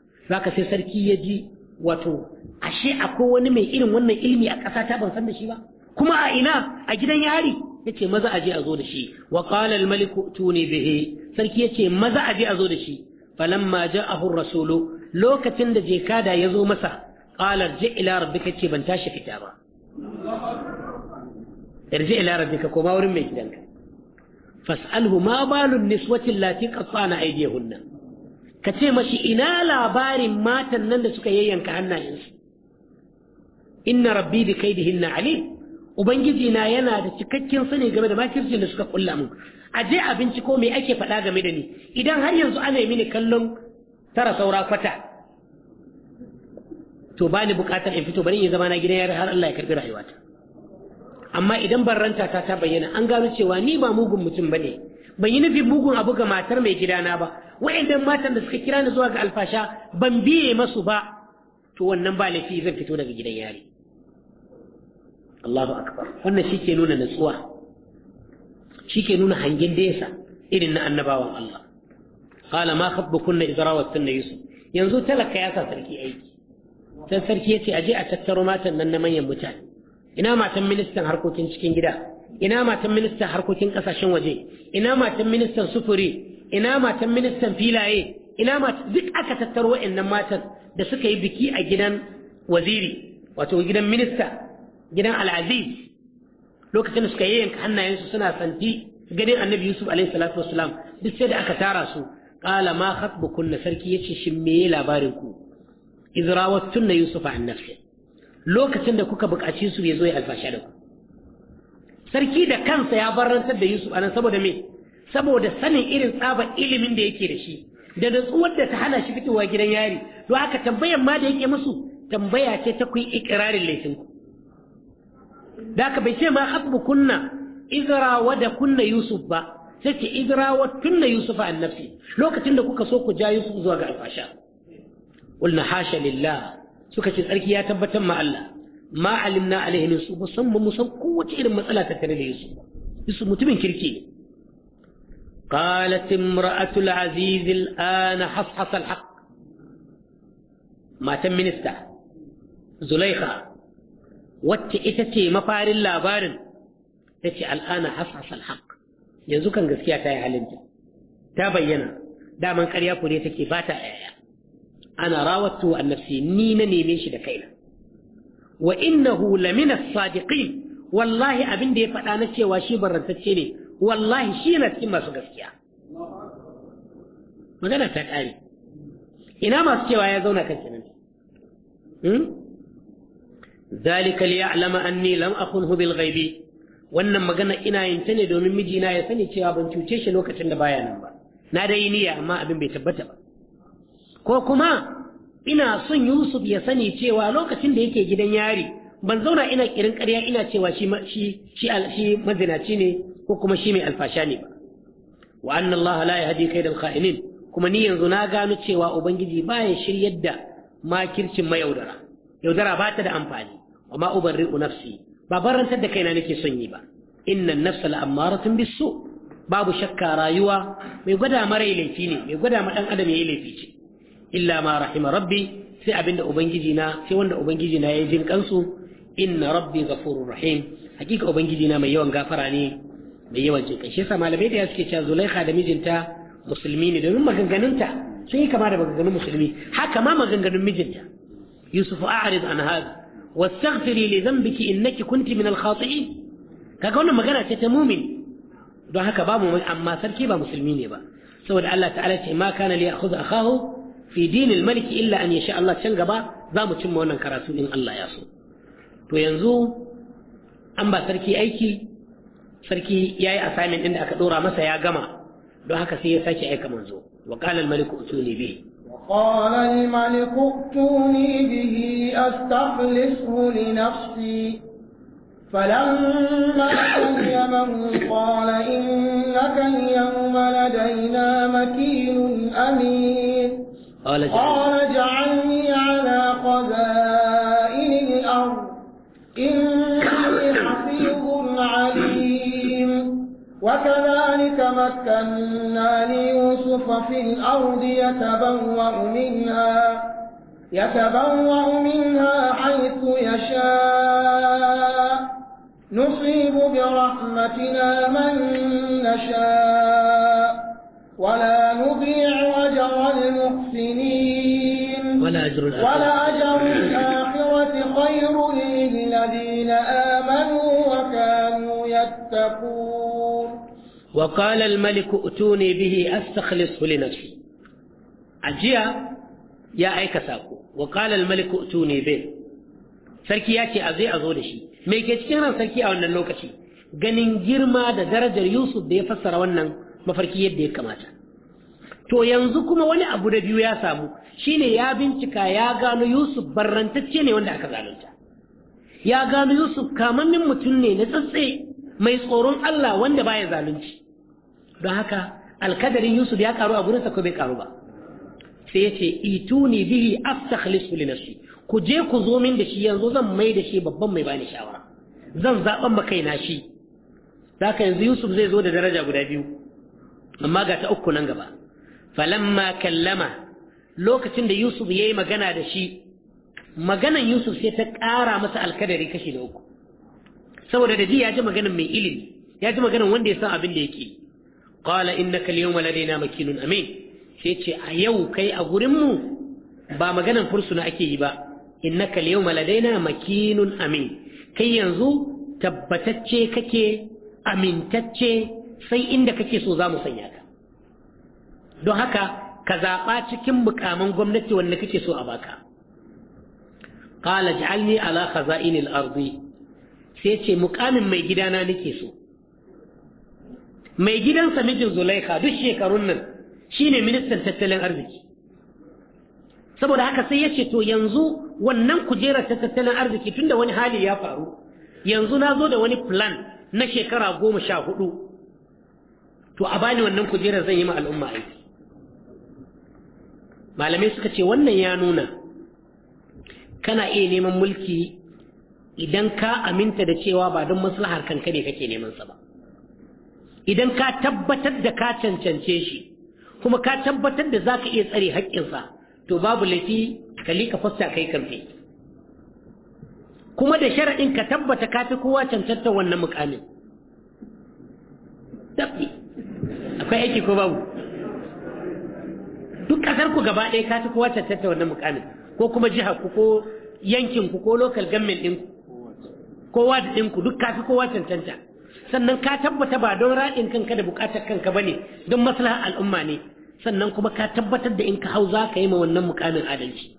ka sai sarki ya ji wato ashe akwai wani mai irin wannan ilimi a ƙasa ta ban san da shi ba kuma a ina a gidan yari Ya ce maza a je a zo da shi wa qala al maliku tuni bihi sarki ya ce maza a je a zo da shi falamma ja'ahu rasulu lokacin da jekada ya zo masa qala ji ila rabbika ce ban tashi fita ba irji ila rabbika koma wurin mai gidanka fas'alhu ma balun niswatin lati qatsana aydiyahunna ka ce mashi ina labarin matan nan da suka yayyanka hannayensu inna rabbi bi kaidihinna alim ubangiji na yana da cikakken sani game da makircin da suka kulla mu a je a binciko me ake faɗa game da ni idan har yanzu ana yi mini kallon tara saura kwata to ba ni bukatar in fito bari in zama na gidan yar har Allah ya karbi rayuwata amma idan barranta ta ta bayyana an gano cewa ni ba mugun mutum bane ban yi nufin mugun abu ga matar mai gidana ba wa'annan matan da suka kira ni zuwa ga alfasha ban biye masu ba to wannan ba laifi zan fito daga gidan yari Allahu akbar wannan shi ke nuna natsuwa shi ke nuna hangen desa irin na annabawan Allah qala ma khabbukunna idh rawattunna yusuf yanzu talaka ya sa sarki aiki sai sarki yace aje a tattaro matan nan na manyan mutane ina matan ministan harkokin cikin gida ina matan ministan harkokin kasashen waje ina matan ministan sufuri ina matan ministan filaye ina matan duk aka tattaro wa'annan matan da suka yi biki a gidan waziri wato gidan minista gidan al'aziz lokacin da suka yi yanka hannayensu suna santi ganin annabi yusuf alaihi salatu wassalam duk sai da aka tara su qala ma khatbukunna sarki yace shin meye labarin ku izrawattunna yusuf an nafsi lokacin da kuka buƙaci su ya zo ya alfasha da ku sarki da kansa ya barantar da Yusuf anan saboda me saboda sanin irin tsabar ilimin da yake da shi da nutsuwar da ta hana shi fitowa gidan yari don haka tambayan ma da yake musu tambaya ce ta yi ikirarin laifin ku da haka bai ce ma hasbu kunna wa da kunna Yusuf ba sai ce izrawa tunna Yusuf a lokacin da kuka so ku ja Yusuf zuwa ga alfasha qulna hasha lillah suka ce tsarki ya tabbatar ma Allah ma alimna alaihi min su musamman musan kowace irin matsala ta tare da Yusuf Yusuf mutumin kirki ne قالت امرأة العزيز الآن حصحص الحق ما تم من استع زليخة واتئتتي مفار بارن تتي الآن حصحص الحق يزوكا قسكيا تاي علمتا تابينا من قريا فريتك باتا ايا ana rawattu an nafsi ni na neme shi da kaina wa innahu lamina sadiqin wallahi abin da ya faɗa na cewa shi barantacce ne wallahi shi yana cikin masu gaskiya magana ta ƙare ina masu cewa ya zauna kan kinan zalika li ya'lama anni lam akhunhu bil ghaibi wannan magana ina yin ta ne domin mijina ya sani cewa ban cuce shi lokacin da baya nan ba na dai niyya amma abin bai tabbata ba ko kuma ina son Yusuf ya sani cewa lokacin da yake gidan yari ban zauna ina kirin ƙarya ina cewa shi shi shi shi mazinaci ne ko kuma shi mai alfasha ne ba wa anna Allah la yahdi kaidal kha'inin kuma ni yanzu na gano cewa ubangiji ba ya shiryar da makircin mayaudara yaudara ba ta da amfani wa ma ubarri'u nafsi ba barantar da kaina nake son yi ba inna an-nafsa la'ammaratun bis-su' babu shakka rayuwa mai gwada mara laifi ne mai gwada ma dan adam ya yi laifi ce illa ma rahima rabbi sai abinda ubangiji na sai wanda ubangiji na ya jin kansu inna rabbi ghafurur rahim hakika ubangiji na mai yawan gafara ne mai yawan jin shi yasa malamai da suke cewa Zulaiha da mijinta musulmi ne domin maganganunta sun yi kama da maganganun musulmi haka ma maganganun mijinta Yusuf a'rid an hada واستغفري لذنبك kunti min al الخاطئين kaga wannan magana ce ta mumin don haka babu amma sarki ba musulmi ne ba saboda Allah ta'ala ce ma kana li ya'khudha akahu في دين الملك إلا أن يشاء الله تشان غبا زام تشم وانا كراسو إن الله ياسو تو ينزو أم با سركي أيكي سركي ياي أسايمن إن أكدورا مسا يا غما دو هكا سيه ساكي أيكا منزو وقال الملك اتوني به وقال الملك ائتوني به استخلصه لنفسي فلما كلمه قال انك اليوم لدينا مكين امين قال اجعلني على قبائل الأرض إني حفيظ عليم وكذلك مكنا ليوسف في الأرض يتبوأ منها يتبوأ منها حيث يشاء نصيب برحمتنا من نشاء ولا نضيع المحسنين أجر الآخرة, أجر الآخرة خير للذين آمنوا وكانوا يتقون وقال الملك ائتوني به أستخلصه لنفسي أجيا يا أيك ساكو وقال الملك ائتوني به sarki ya ce a zai a zo da shi mai ke cikin ran sarki a wannan lokaci ganin girma da darajar yusuf da ya fassara wannan mafarki yadda ya kamata to yanzu kuma wani abu da biyu ya samu shine ya bincika ya gano Yusuf barrantacce ne wanda aka zalunta ya gano Yusuf kamannin mutum ne na tsatse mai tsoron Allah wanda baya zalunci don haka alkadarin Yusuf ya karu a gurinsa ko bai karu ba sai ya ce ituni bihi astakhlisu li nafsi ku je ku zo min da shi yanzu zan mai da shi babban mai bani shawara zan ba ma na shi ka yanzu Yusuf zai zo da daraja guda biyu amma ga ta uku nan gaba falamma kallama lokacin da yusuf yayi magana da shi maganan yusuf sai ta ƙara masa alkadari kashi da uku saboda da ji ya ji maganan mai ilimi ya ji maganan wanda ya san abin da yake qala innaka al-yawma ladaina makinun amin sai ce a yau kai a gurin mu ba maganan fursuna ake yi ba innaka al-yawma ladaina makinun amin kai yanzu tabbatacce kake amintacce sai inda kake so za mu sanya ka don haka ka zaɓa cikin mukamin gwamnati wanda kake so a baka qala ij'alni ala khaza'in al-ardi sai ce mukamin mai gidana nake so mai gidansa mijin Zulaikha duk shekarun nan shine ministan tattalin arziki saboda haka sai ya ce to yanzu wannan kujerar ta tattalin arziki tun da wani hali ya faru yanzu na zo da wani plan na shekara goma sha hudu to a bani wannan kujerar zan yi ma al'umma aiki malamai suka ce wannan ya nuna kana iya neman mulki idan ka aminta da cewa ba don maslahar kanka ne kake neman sa ba idan ka tabbatar da ka cancance shi kuma ka tabbatar da zaka iya tsare haƙƙinsa to babu laifi ka lika fasta kai kamfe kuma da shara'in ka tabbata ka fi kowa cancanta wannan mukamin akwai aiki ko babu duk kasar ku gaba ɗaya ka ci kowa cancanta wannan mukamin ko kuma jihar ku ko yankin ku ko local government ɗin ku kowa da ɗinku duk ka fi kowa tantanta. sannan ka tabbata ba don raɗin kanka da buƙatar kanka bane don maslahar al'umma ne sannan kuma ka tabbatar da in ka hau za ka yi ma wannan mukamin adalci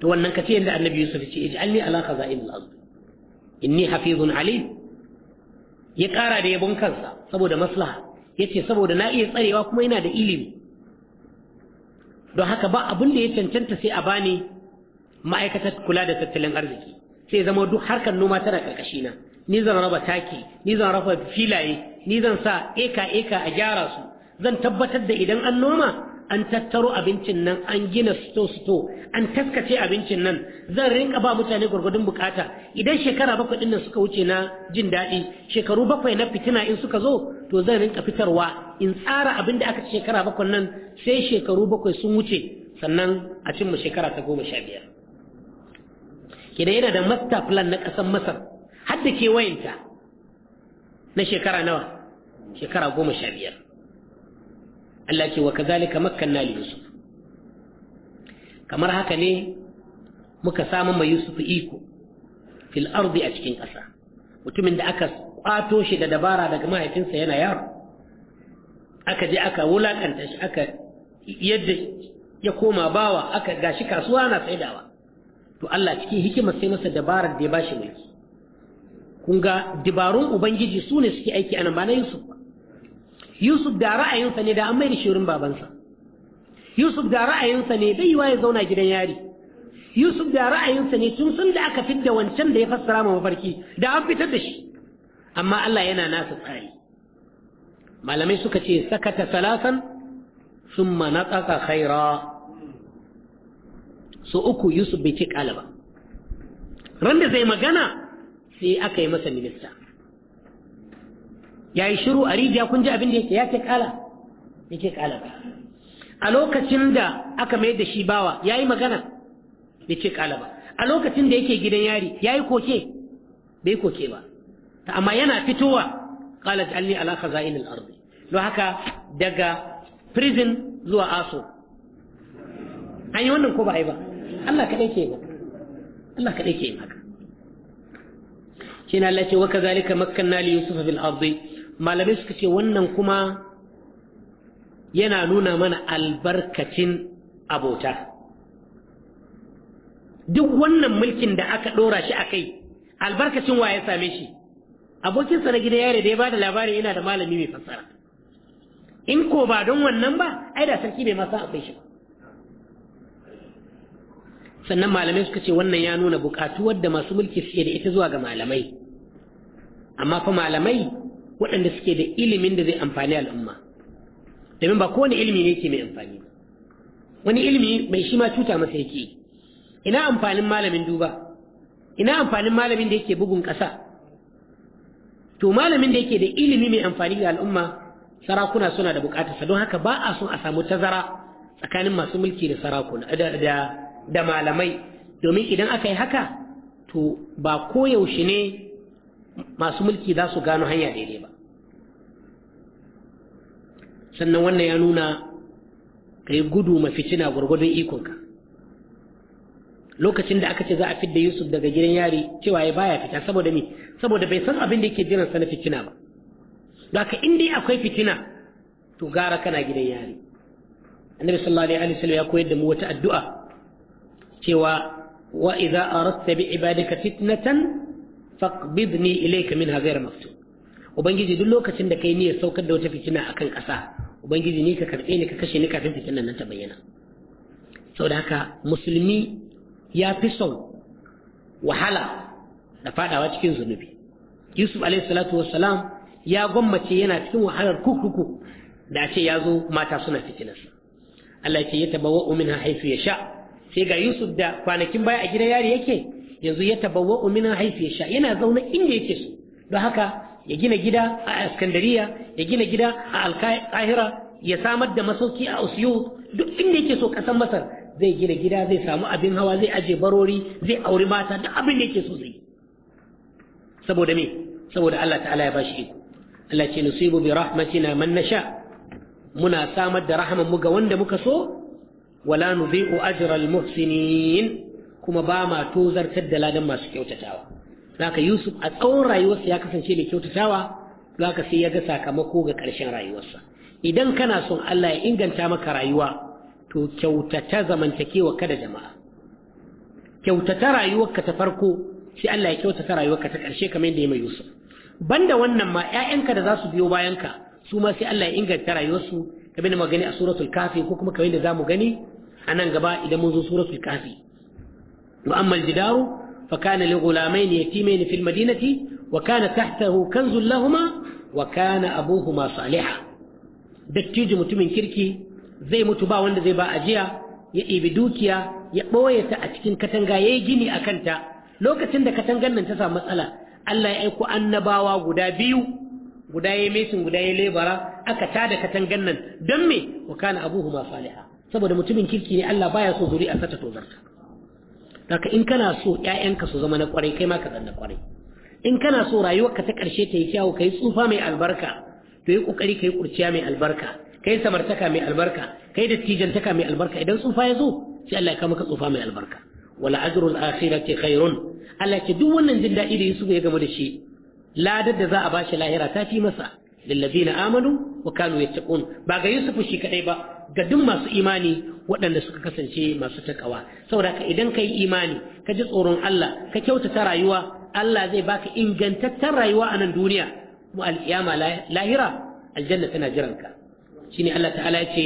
to wannan ka ce yadda annabi yusuf ce ij'alni ala khaza'in al-ard inni hafizun alim ya ƙara da yabon kansa saboda maslaha yace saboda na iya tsarewa kuma ina da ilimi don haka ba abin da ya cancanta sai a bani ma'aikatar kula da tattalin arziki sai zama duk harkar noma tana karkashi na ni zan raba taki ni zan raba filaye ni zan sa eka eka a gyara su zan tabbatar da idan an noma an tattaro abincin nan an gina sto sto an taskace abincin nan zan rinka ba mutane gwargwadon bukata idan shekara bakwai din nan suka wuce na jin daɗi shekaru bakwai na fitina in suka zo to zan rinka fitarwa in tsara abin da aka ci shekara bakwai nan sai shekaru bakwai sun wuce sannan a cimma shekara ta goma sha biyar kidan yana da master plan na ƙasar masar har da kewayenta na shekara nawa shekara goma sha biyar Allah ke wa kazalika na li yusuf kamar haka ne muka samu mai yusuf iko fil ardi a cikin ƙasa mutumin da aka kwato shi da dabara daga mahaifinsa yana yaro aka je aka wulakanta shi aka yadda ya koma bawa aka gashi kasuwa na saidawa to Allah cikin hikimar sai masa dabarar da ya bashi mulki kun ga dabarun ubangiji su ne suke aiki anan ba na Yusuf ba yusuf da ra'ayinsa ne da an mai da shirin babansa yusuf da ra'ayinsa ne bai yiwa ya zauna gidan yari yusuf da ra'ayinsa ne tun sun da aka fidda wancan da ya fassara ma mafarki da an fitar da shi amma allah yana nasa tsari malamai suka ce sakata salasan sun mana tsaka khaira so uku yusuf bai ce kala ba ran da zai magana sai aka yi masa minista ya yi shiru a rijiya kun ji abin da yake ya ke kala yake kala ba a lokacin da aka mayar da shi bawa ya yi magana ya ce kala ba a lokacin da yake gidan yari ya yi koke bai koke ba ta amma yana fitowa kala ja'alni ala khaza'in al-ard don haka daga prison zuwa aso an yi wannan ko ba ai ba Allah kadai ke ba Allah kadai ke maka shi na Allah ce wa kazalika makkanna li yusufa bil ardi malamai suka ce wannan kuma yana nuna mana albarkacin abota duk wannan mulkin da aka ɗora shi a kai albarkacin wa ya same shi abokinsa na gida yare da ya ba da labari yana da malami mai fassara in ko ba don wannan ba ai da sarki bai masa akwai shi sannan malamai suka ce wannan ya nuna buƙatuwar da masu mulki suke da ita zuwa ga malamai amma fa malamai waɗanda suke da ilimin da zai amfani al'umma domin ba kowane ilimi ne ke mai amfani wani ilimi mai shi ma cuta masa yake ina amfanin malamin duba ina amfanin malamin da yake bugun ƙasa to malamin da yake da ilimi mai amfani ga al'umma sarakuna suna da bukatarsa don haka ba a son a samu tazara tsakanin masu mulki da sarakuna da malamai domin idan aka yi haka to ba koyaushe ne masu mulki za su gano hanya daidai ba sannan wannan ya nuna ka yi gudu mafitina gwargwadon ikonka lokacin da aka ce za a fidda yusuf daga gidan yari cewa ya baya fita saboda me saboda bai san abin da yake jiran sa na fitina ba haka in dai akwai fitina to gara kana gidan yari annabi sallallahu alaihi wasallam ya koyar da mu wata addu'a cewa wa idza aradta bi ibadika fitnatan faqbidni ilayka minha ghayra maftun ubangiji duk lokacin da kai niyyar saukar da wata fitina akan ƙasa ubangiji ni ka karɓe ni ka kashe ni kafin fitinan nan ta bayyana saboda haka musulmi ya fi son wahala da fadawa cikin zunubi yusuf alayhi salatu wassalam ya gwammace yana cikin wahalar kukuku da ce ya zo mata suna fitinarsa Allah ce ya tabawa umin haifu ya sha sai ga Yusuf da kwanakin baya a gidan yari yake yanzu ya tabawwa min haifi sha yana zaune inda yake so don haka ya gina gida a Iskandariya ya gina gida a Alkahira ya samar da masauki a Usyut duk inda yake so kasan Masar zai gina gida zai samu abin hawa zai aje barori zai auri mata duk abin da yake so zai saboda me saboda Allah ta'ala ya bashi iko Allah ce nusibu bi rahmatina man nasha muna samar da rahaman mu ga wanda muka so wala nudhi'u ajral muhsinin kuma ba ma tozar da ladan masu kyautatawa Za ka Yusuf a tsawon rayuwarsa ya kasance mai kyautatawa Za ka sai ya ga sakamako ga ƙarshen rayuwarsa idan kana son Allah ya inganta maka rayuwa to kyautata zamantakewa kada jama'a kyautata rayuwarka ta farko sai Allah ya kyautata rayuwarka ta ƙarshe kamar yadda ya mai Yusuf banda wannan ma 'ya'yanka da za su biyo bayanka su ma sai Allah ya inganta rayuwarsu kamar da magani a suratul kafi ko kuma kamar da mu gani a nan gaba idan mun zo suratul kafi وأما الجدار فكان لغلامين يتيمين في المدينة وكان تحته كنز لهما وكان أبوهما صالحا دكتيج متمن كركي زي متبا وند زي با أجيا يأي بدوكيا يأبوية أتكين أكنتا لو كتن دا كتنغن ننتسى مسألة ألا يأيكو أنبا وغدا بيو غدا يميسن غدا يليبرا أكتا دا كتنغن دمي وكان أبوهما صالحا سبو متمن كركي ألا بايا صدري أفتتو ذركا haka in kana so ƴaƴanka su zama na kwarai kai ma ka zan kwarai in kana so rayuwarka ta ƙarshe ta yi kyawu kai tsufa mai albarka to yi ƙoƙari kai kurciya mai albarka kai samartaka mai albarka kai dattijantaka mai albarka idan tsufa ya zo sai Allah ya kama ka tsufa mai albarka wala ajrul akhirati khairun Allah ya ce duk wannan jin daɗi da Yusuf ya gama da shi ladar da za a bashi lahira ta fi masa للذين آمنوا وكانوا يتقون باقى يوسف الشيكعي با قدم ما إيماني waɗanda suka kasance masu takawa saboda ka idan ka yi imani ka ji tsoron Allah ka kyautata rayuwa Allah zai baka ingantaccen rayuwa a nan duniya kuma al'iyama lahira aljanna tana jiranka shine Allah ta'ala ya ce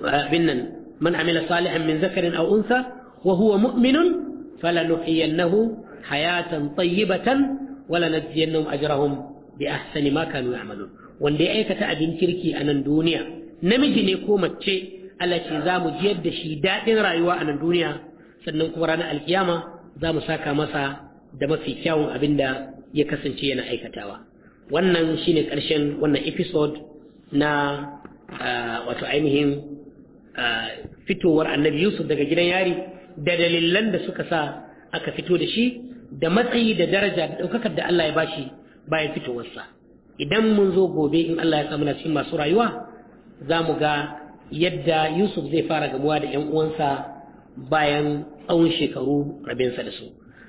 abin nan man amila salihan min zakarin aw unsa wa huwa mu'minun falanuhyiyannahu hayatan tayyibatan wa lanajziyannahum ajrahum bi ahsani ma kanu ya'malun wanda ya aikata abin kirki a nan duniya namiji ne ko mace Allah ce za mu jiyar da shi daɗin rayuwa a nan duniya sannan kuma ranar alkiyama za mu saka masa da mafi kyawun abin da ya kasance yana aikatawa wannan shine ƙarshen wannan episode na wato ainihin fitowar annabi yusuf daga gidan yari da dalilan da suka sa aka fito da shi da matsayi da daraja da ɗaukakar da allah ya bashi bayan fitowarsa idan mun zo gobe in Allah ya samu na cikin masu rayuwa za mu ga yadda Yusuf zai fara gamuwa da ‘yan uwansa bayan tsawon shekaru rabinsa da su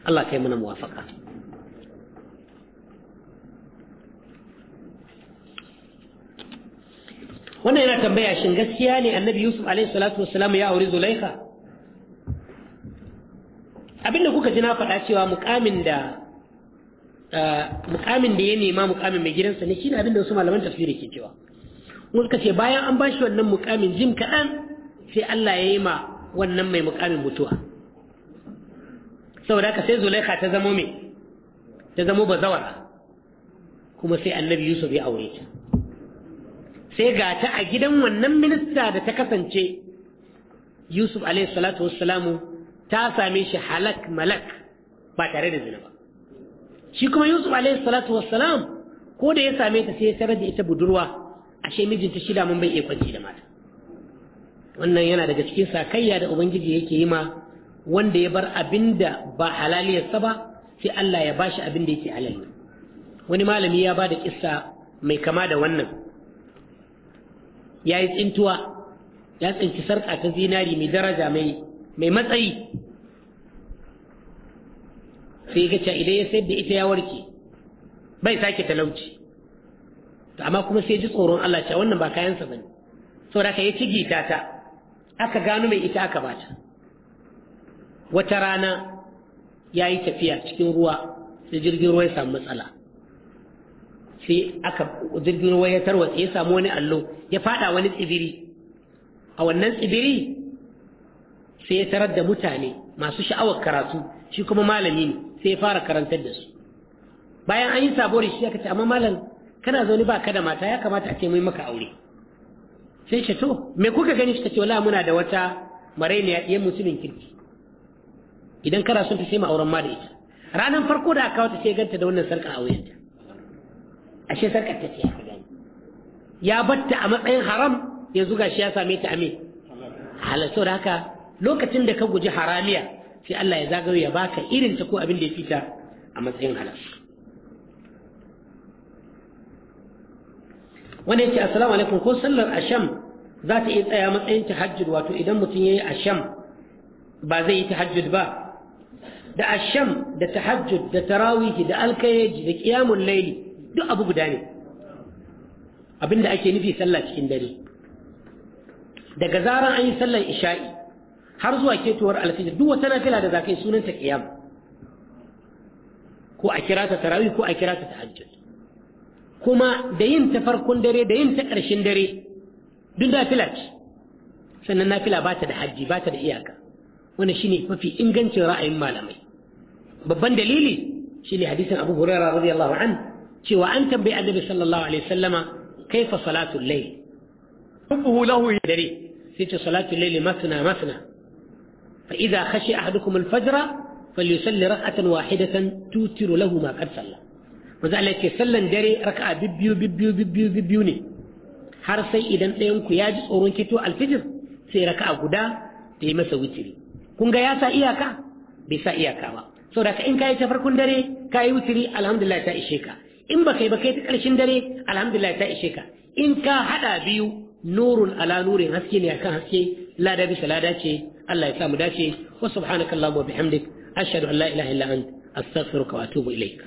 Allah kai mana muwafaka wannan yana tambaya shin gaskiya ne annabi Yusuf alaihi salatu wassalamu ya auri Zulaikha abinda kuka ji na faɗa cewa mukamin da mukamin da ya nema mukamin mai gidansa ne shine abin da wasu malaman tafsiri ke cewa ka ce bayan an bashi wannan mukamin jim kaɗan sai Allah ya yi ma wannan mai mukamin mutuwa saboda haka sai zulaika ta zamo mai ta zamo bazawara kuma sai annabi yusuf ya aure ta sai ga ta a gidan wannan minista da ta kasance yusuf alaihi salatu wassalamu ta same shi halak malak ba tare da zina ba shi kuma yusuf alayhi salatu wassalam ko da ya same ta sai ya sarar da ita budurwa ashe mijinta shida mun bai iya kwanci da mata wannan yana daga cikin sakayya da ubangiji yake yi ma wanda ya bar abin da ba halaliyarsa ba sai Allah ya bashi abin da yake halal wani malami ya ba da kissa mai kama da wannan ya yi tsintuwa ya tsinci sarƙa ta zinari mai daraja mai matsayi sai ga idan ya sayar da ita ya warke bai sake talauci to amma kuma sai ji tsoron Allah cewa wannan ba kayansa bane saboda ka ya ci gita ta aka gano mai ita aka bata wata rana ya tafiya cikin ruwa sai jirgin ruwa ya samu matsala sai aka jirgin ruwa ya tarwatsa ya samu wani allo ya fada wani tsibiri a wannan tsibiri sai ya tarar da mutane masu sha'awar karatu shi kuma malami ne sai ya fara karantar da su bayan an yi sabori shi aka ce amma malam kana zaune ba ka da mata ya kamata a ce mai maka aure sai shi to me kuka gani shi ta ce wala muna da wata marainiya iya mutumin kirki idan kana son ta sai auren ma da ita ranar farko da aka wata sai ganta da wannan sarkar a ta ashe sarkar ta ce aka gani ya batta a matsayin haram yanzu gashi ya same ta ame halatto da haka lokacin da ka guji haramiya sai Allah ya zagayo ya baka irin ta ko abin da ya fita a matsayin halal wanda yake assalamu alaikum ko sallar asham za ta iya tsaya matsayin tahajjud wato idan mutum ya yi asham ba zai yi tahajjud ba da asham da tahajjud da tarawih da alkayeji da qiyamul layli duk abu guda ne abinda ake nufi sallah cikin dare daga zaran an yi sallar isha'i har zuwa ketowar alfijir duk wata nafila da zakai sunanta qiyam ko a kira ta tarawih ko a kira ta tahajjud kuma da yin ta farkon dare da yin ta ƙarshen dare duk nafila ce sannan nafila ba ta da hajji ba ta da iyaka wani shine mafi ingancin ra'ayin malamai babban dalili shine hadisin Abu Hurairah radiyallahu an cewa an tambayi Annabi sallallahu alaihi wasallama kaifa salatul layl hubbuhu lahu dare sai ce salatul layl masna masna فإذا خشي أحدكم الفجر فليصلي ركعة واحدة توتر له ما قد صلى maza Allah sallan dare raka'a bibbiyu bibbiyu bibbiyu bibbiyu ne har sai idan ɗayan ku ya ji tsoron kito alfijir sai raka'a guda ta yi masa wutiri kun ga ya sa iyaka bai sa iyaka ba saboda ka in kayi ta farkon dare kayi wutiri alhamdulillah ta ishe ka in ba kai ba kai ta ƙarshen dare alhamdulillah ta ishe ka in ka hada biyu nurun ala nurin haske ne akan haske lada bisa lada ce Allah ya samu dace wa subhanakallahumma wa bihamdik ashhadu an la ilaha illa ant astaghfiruka wa atubu ilaik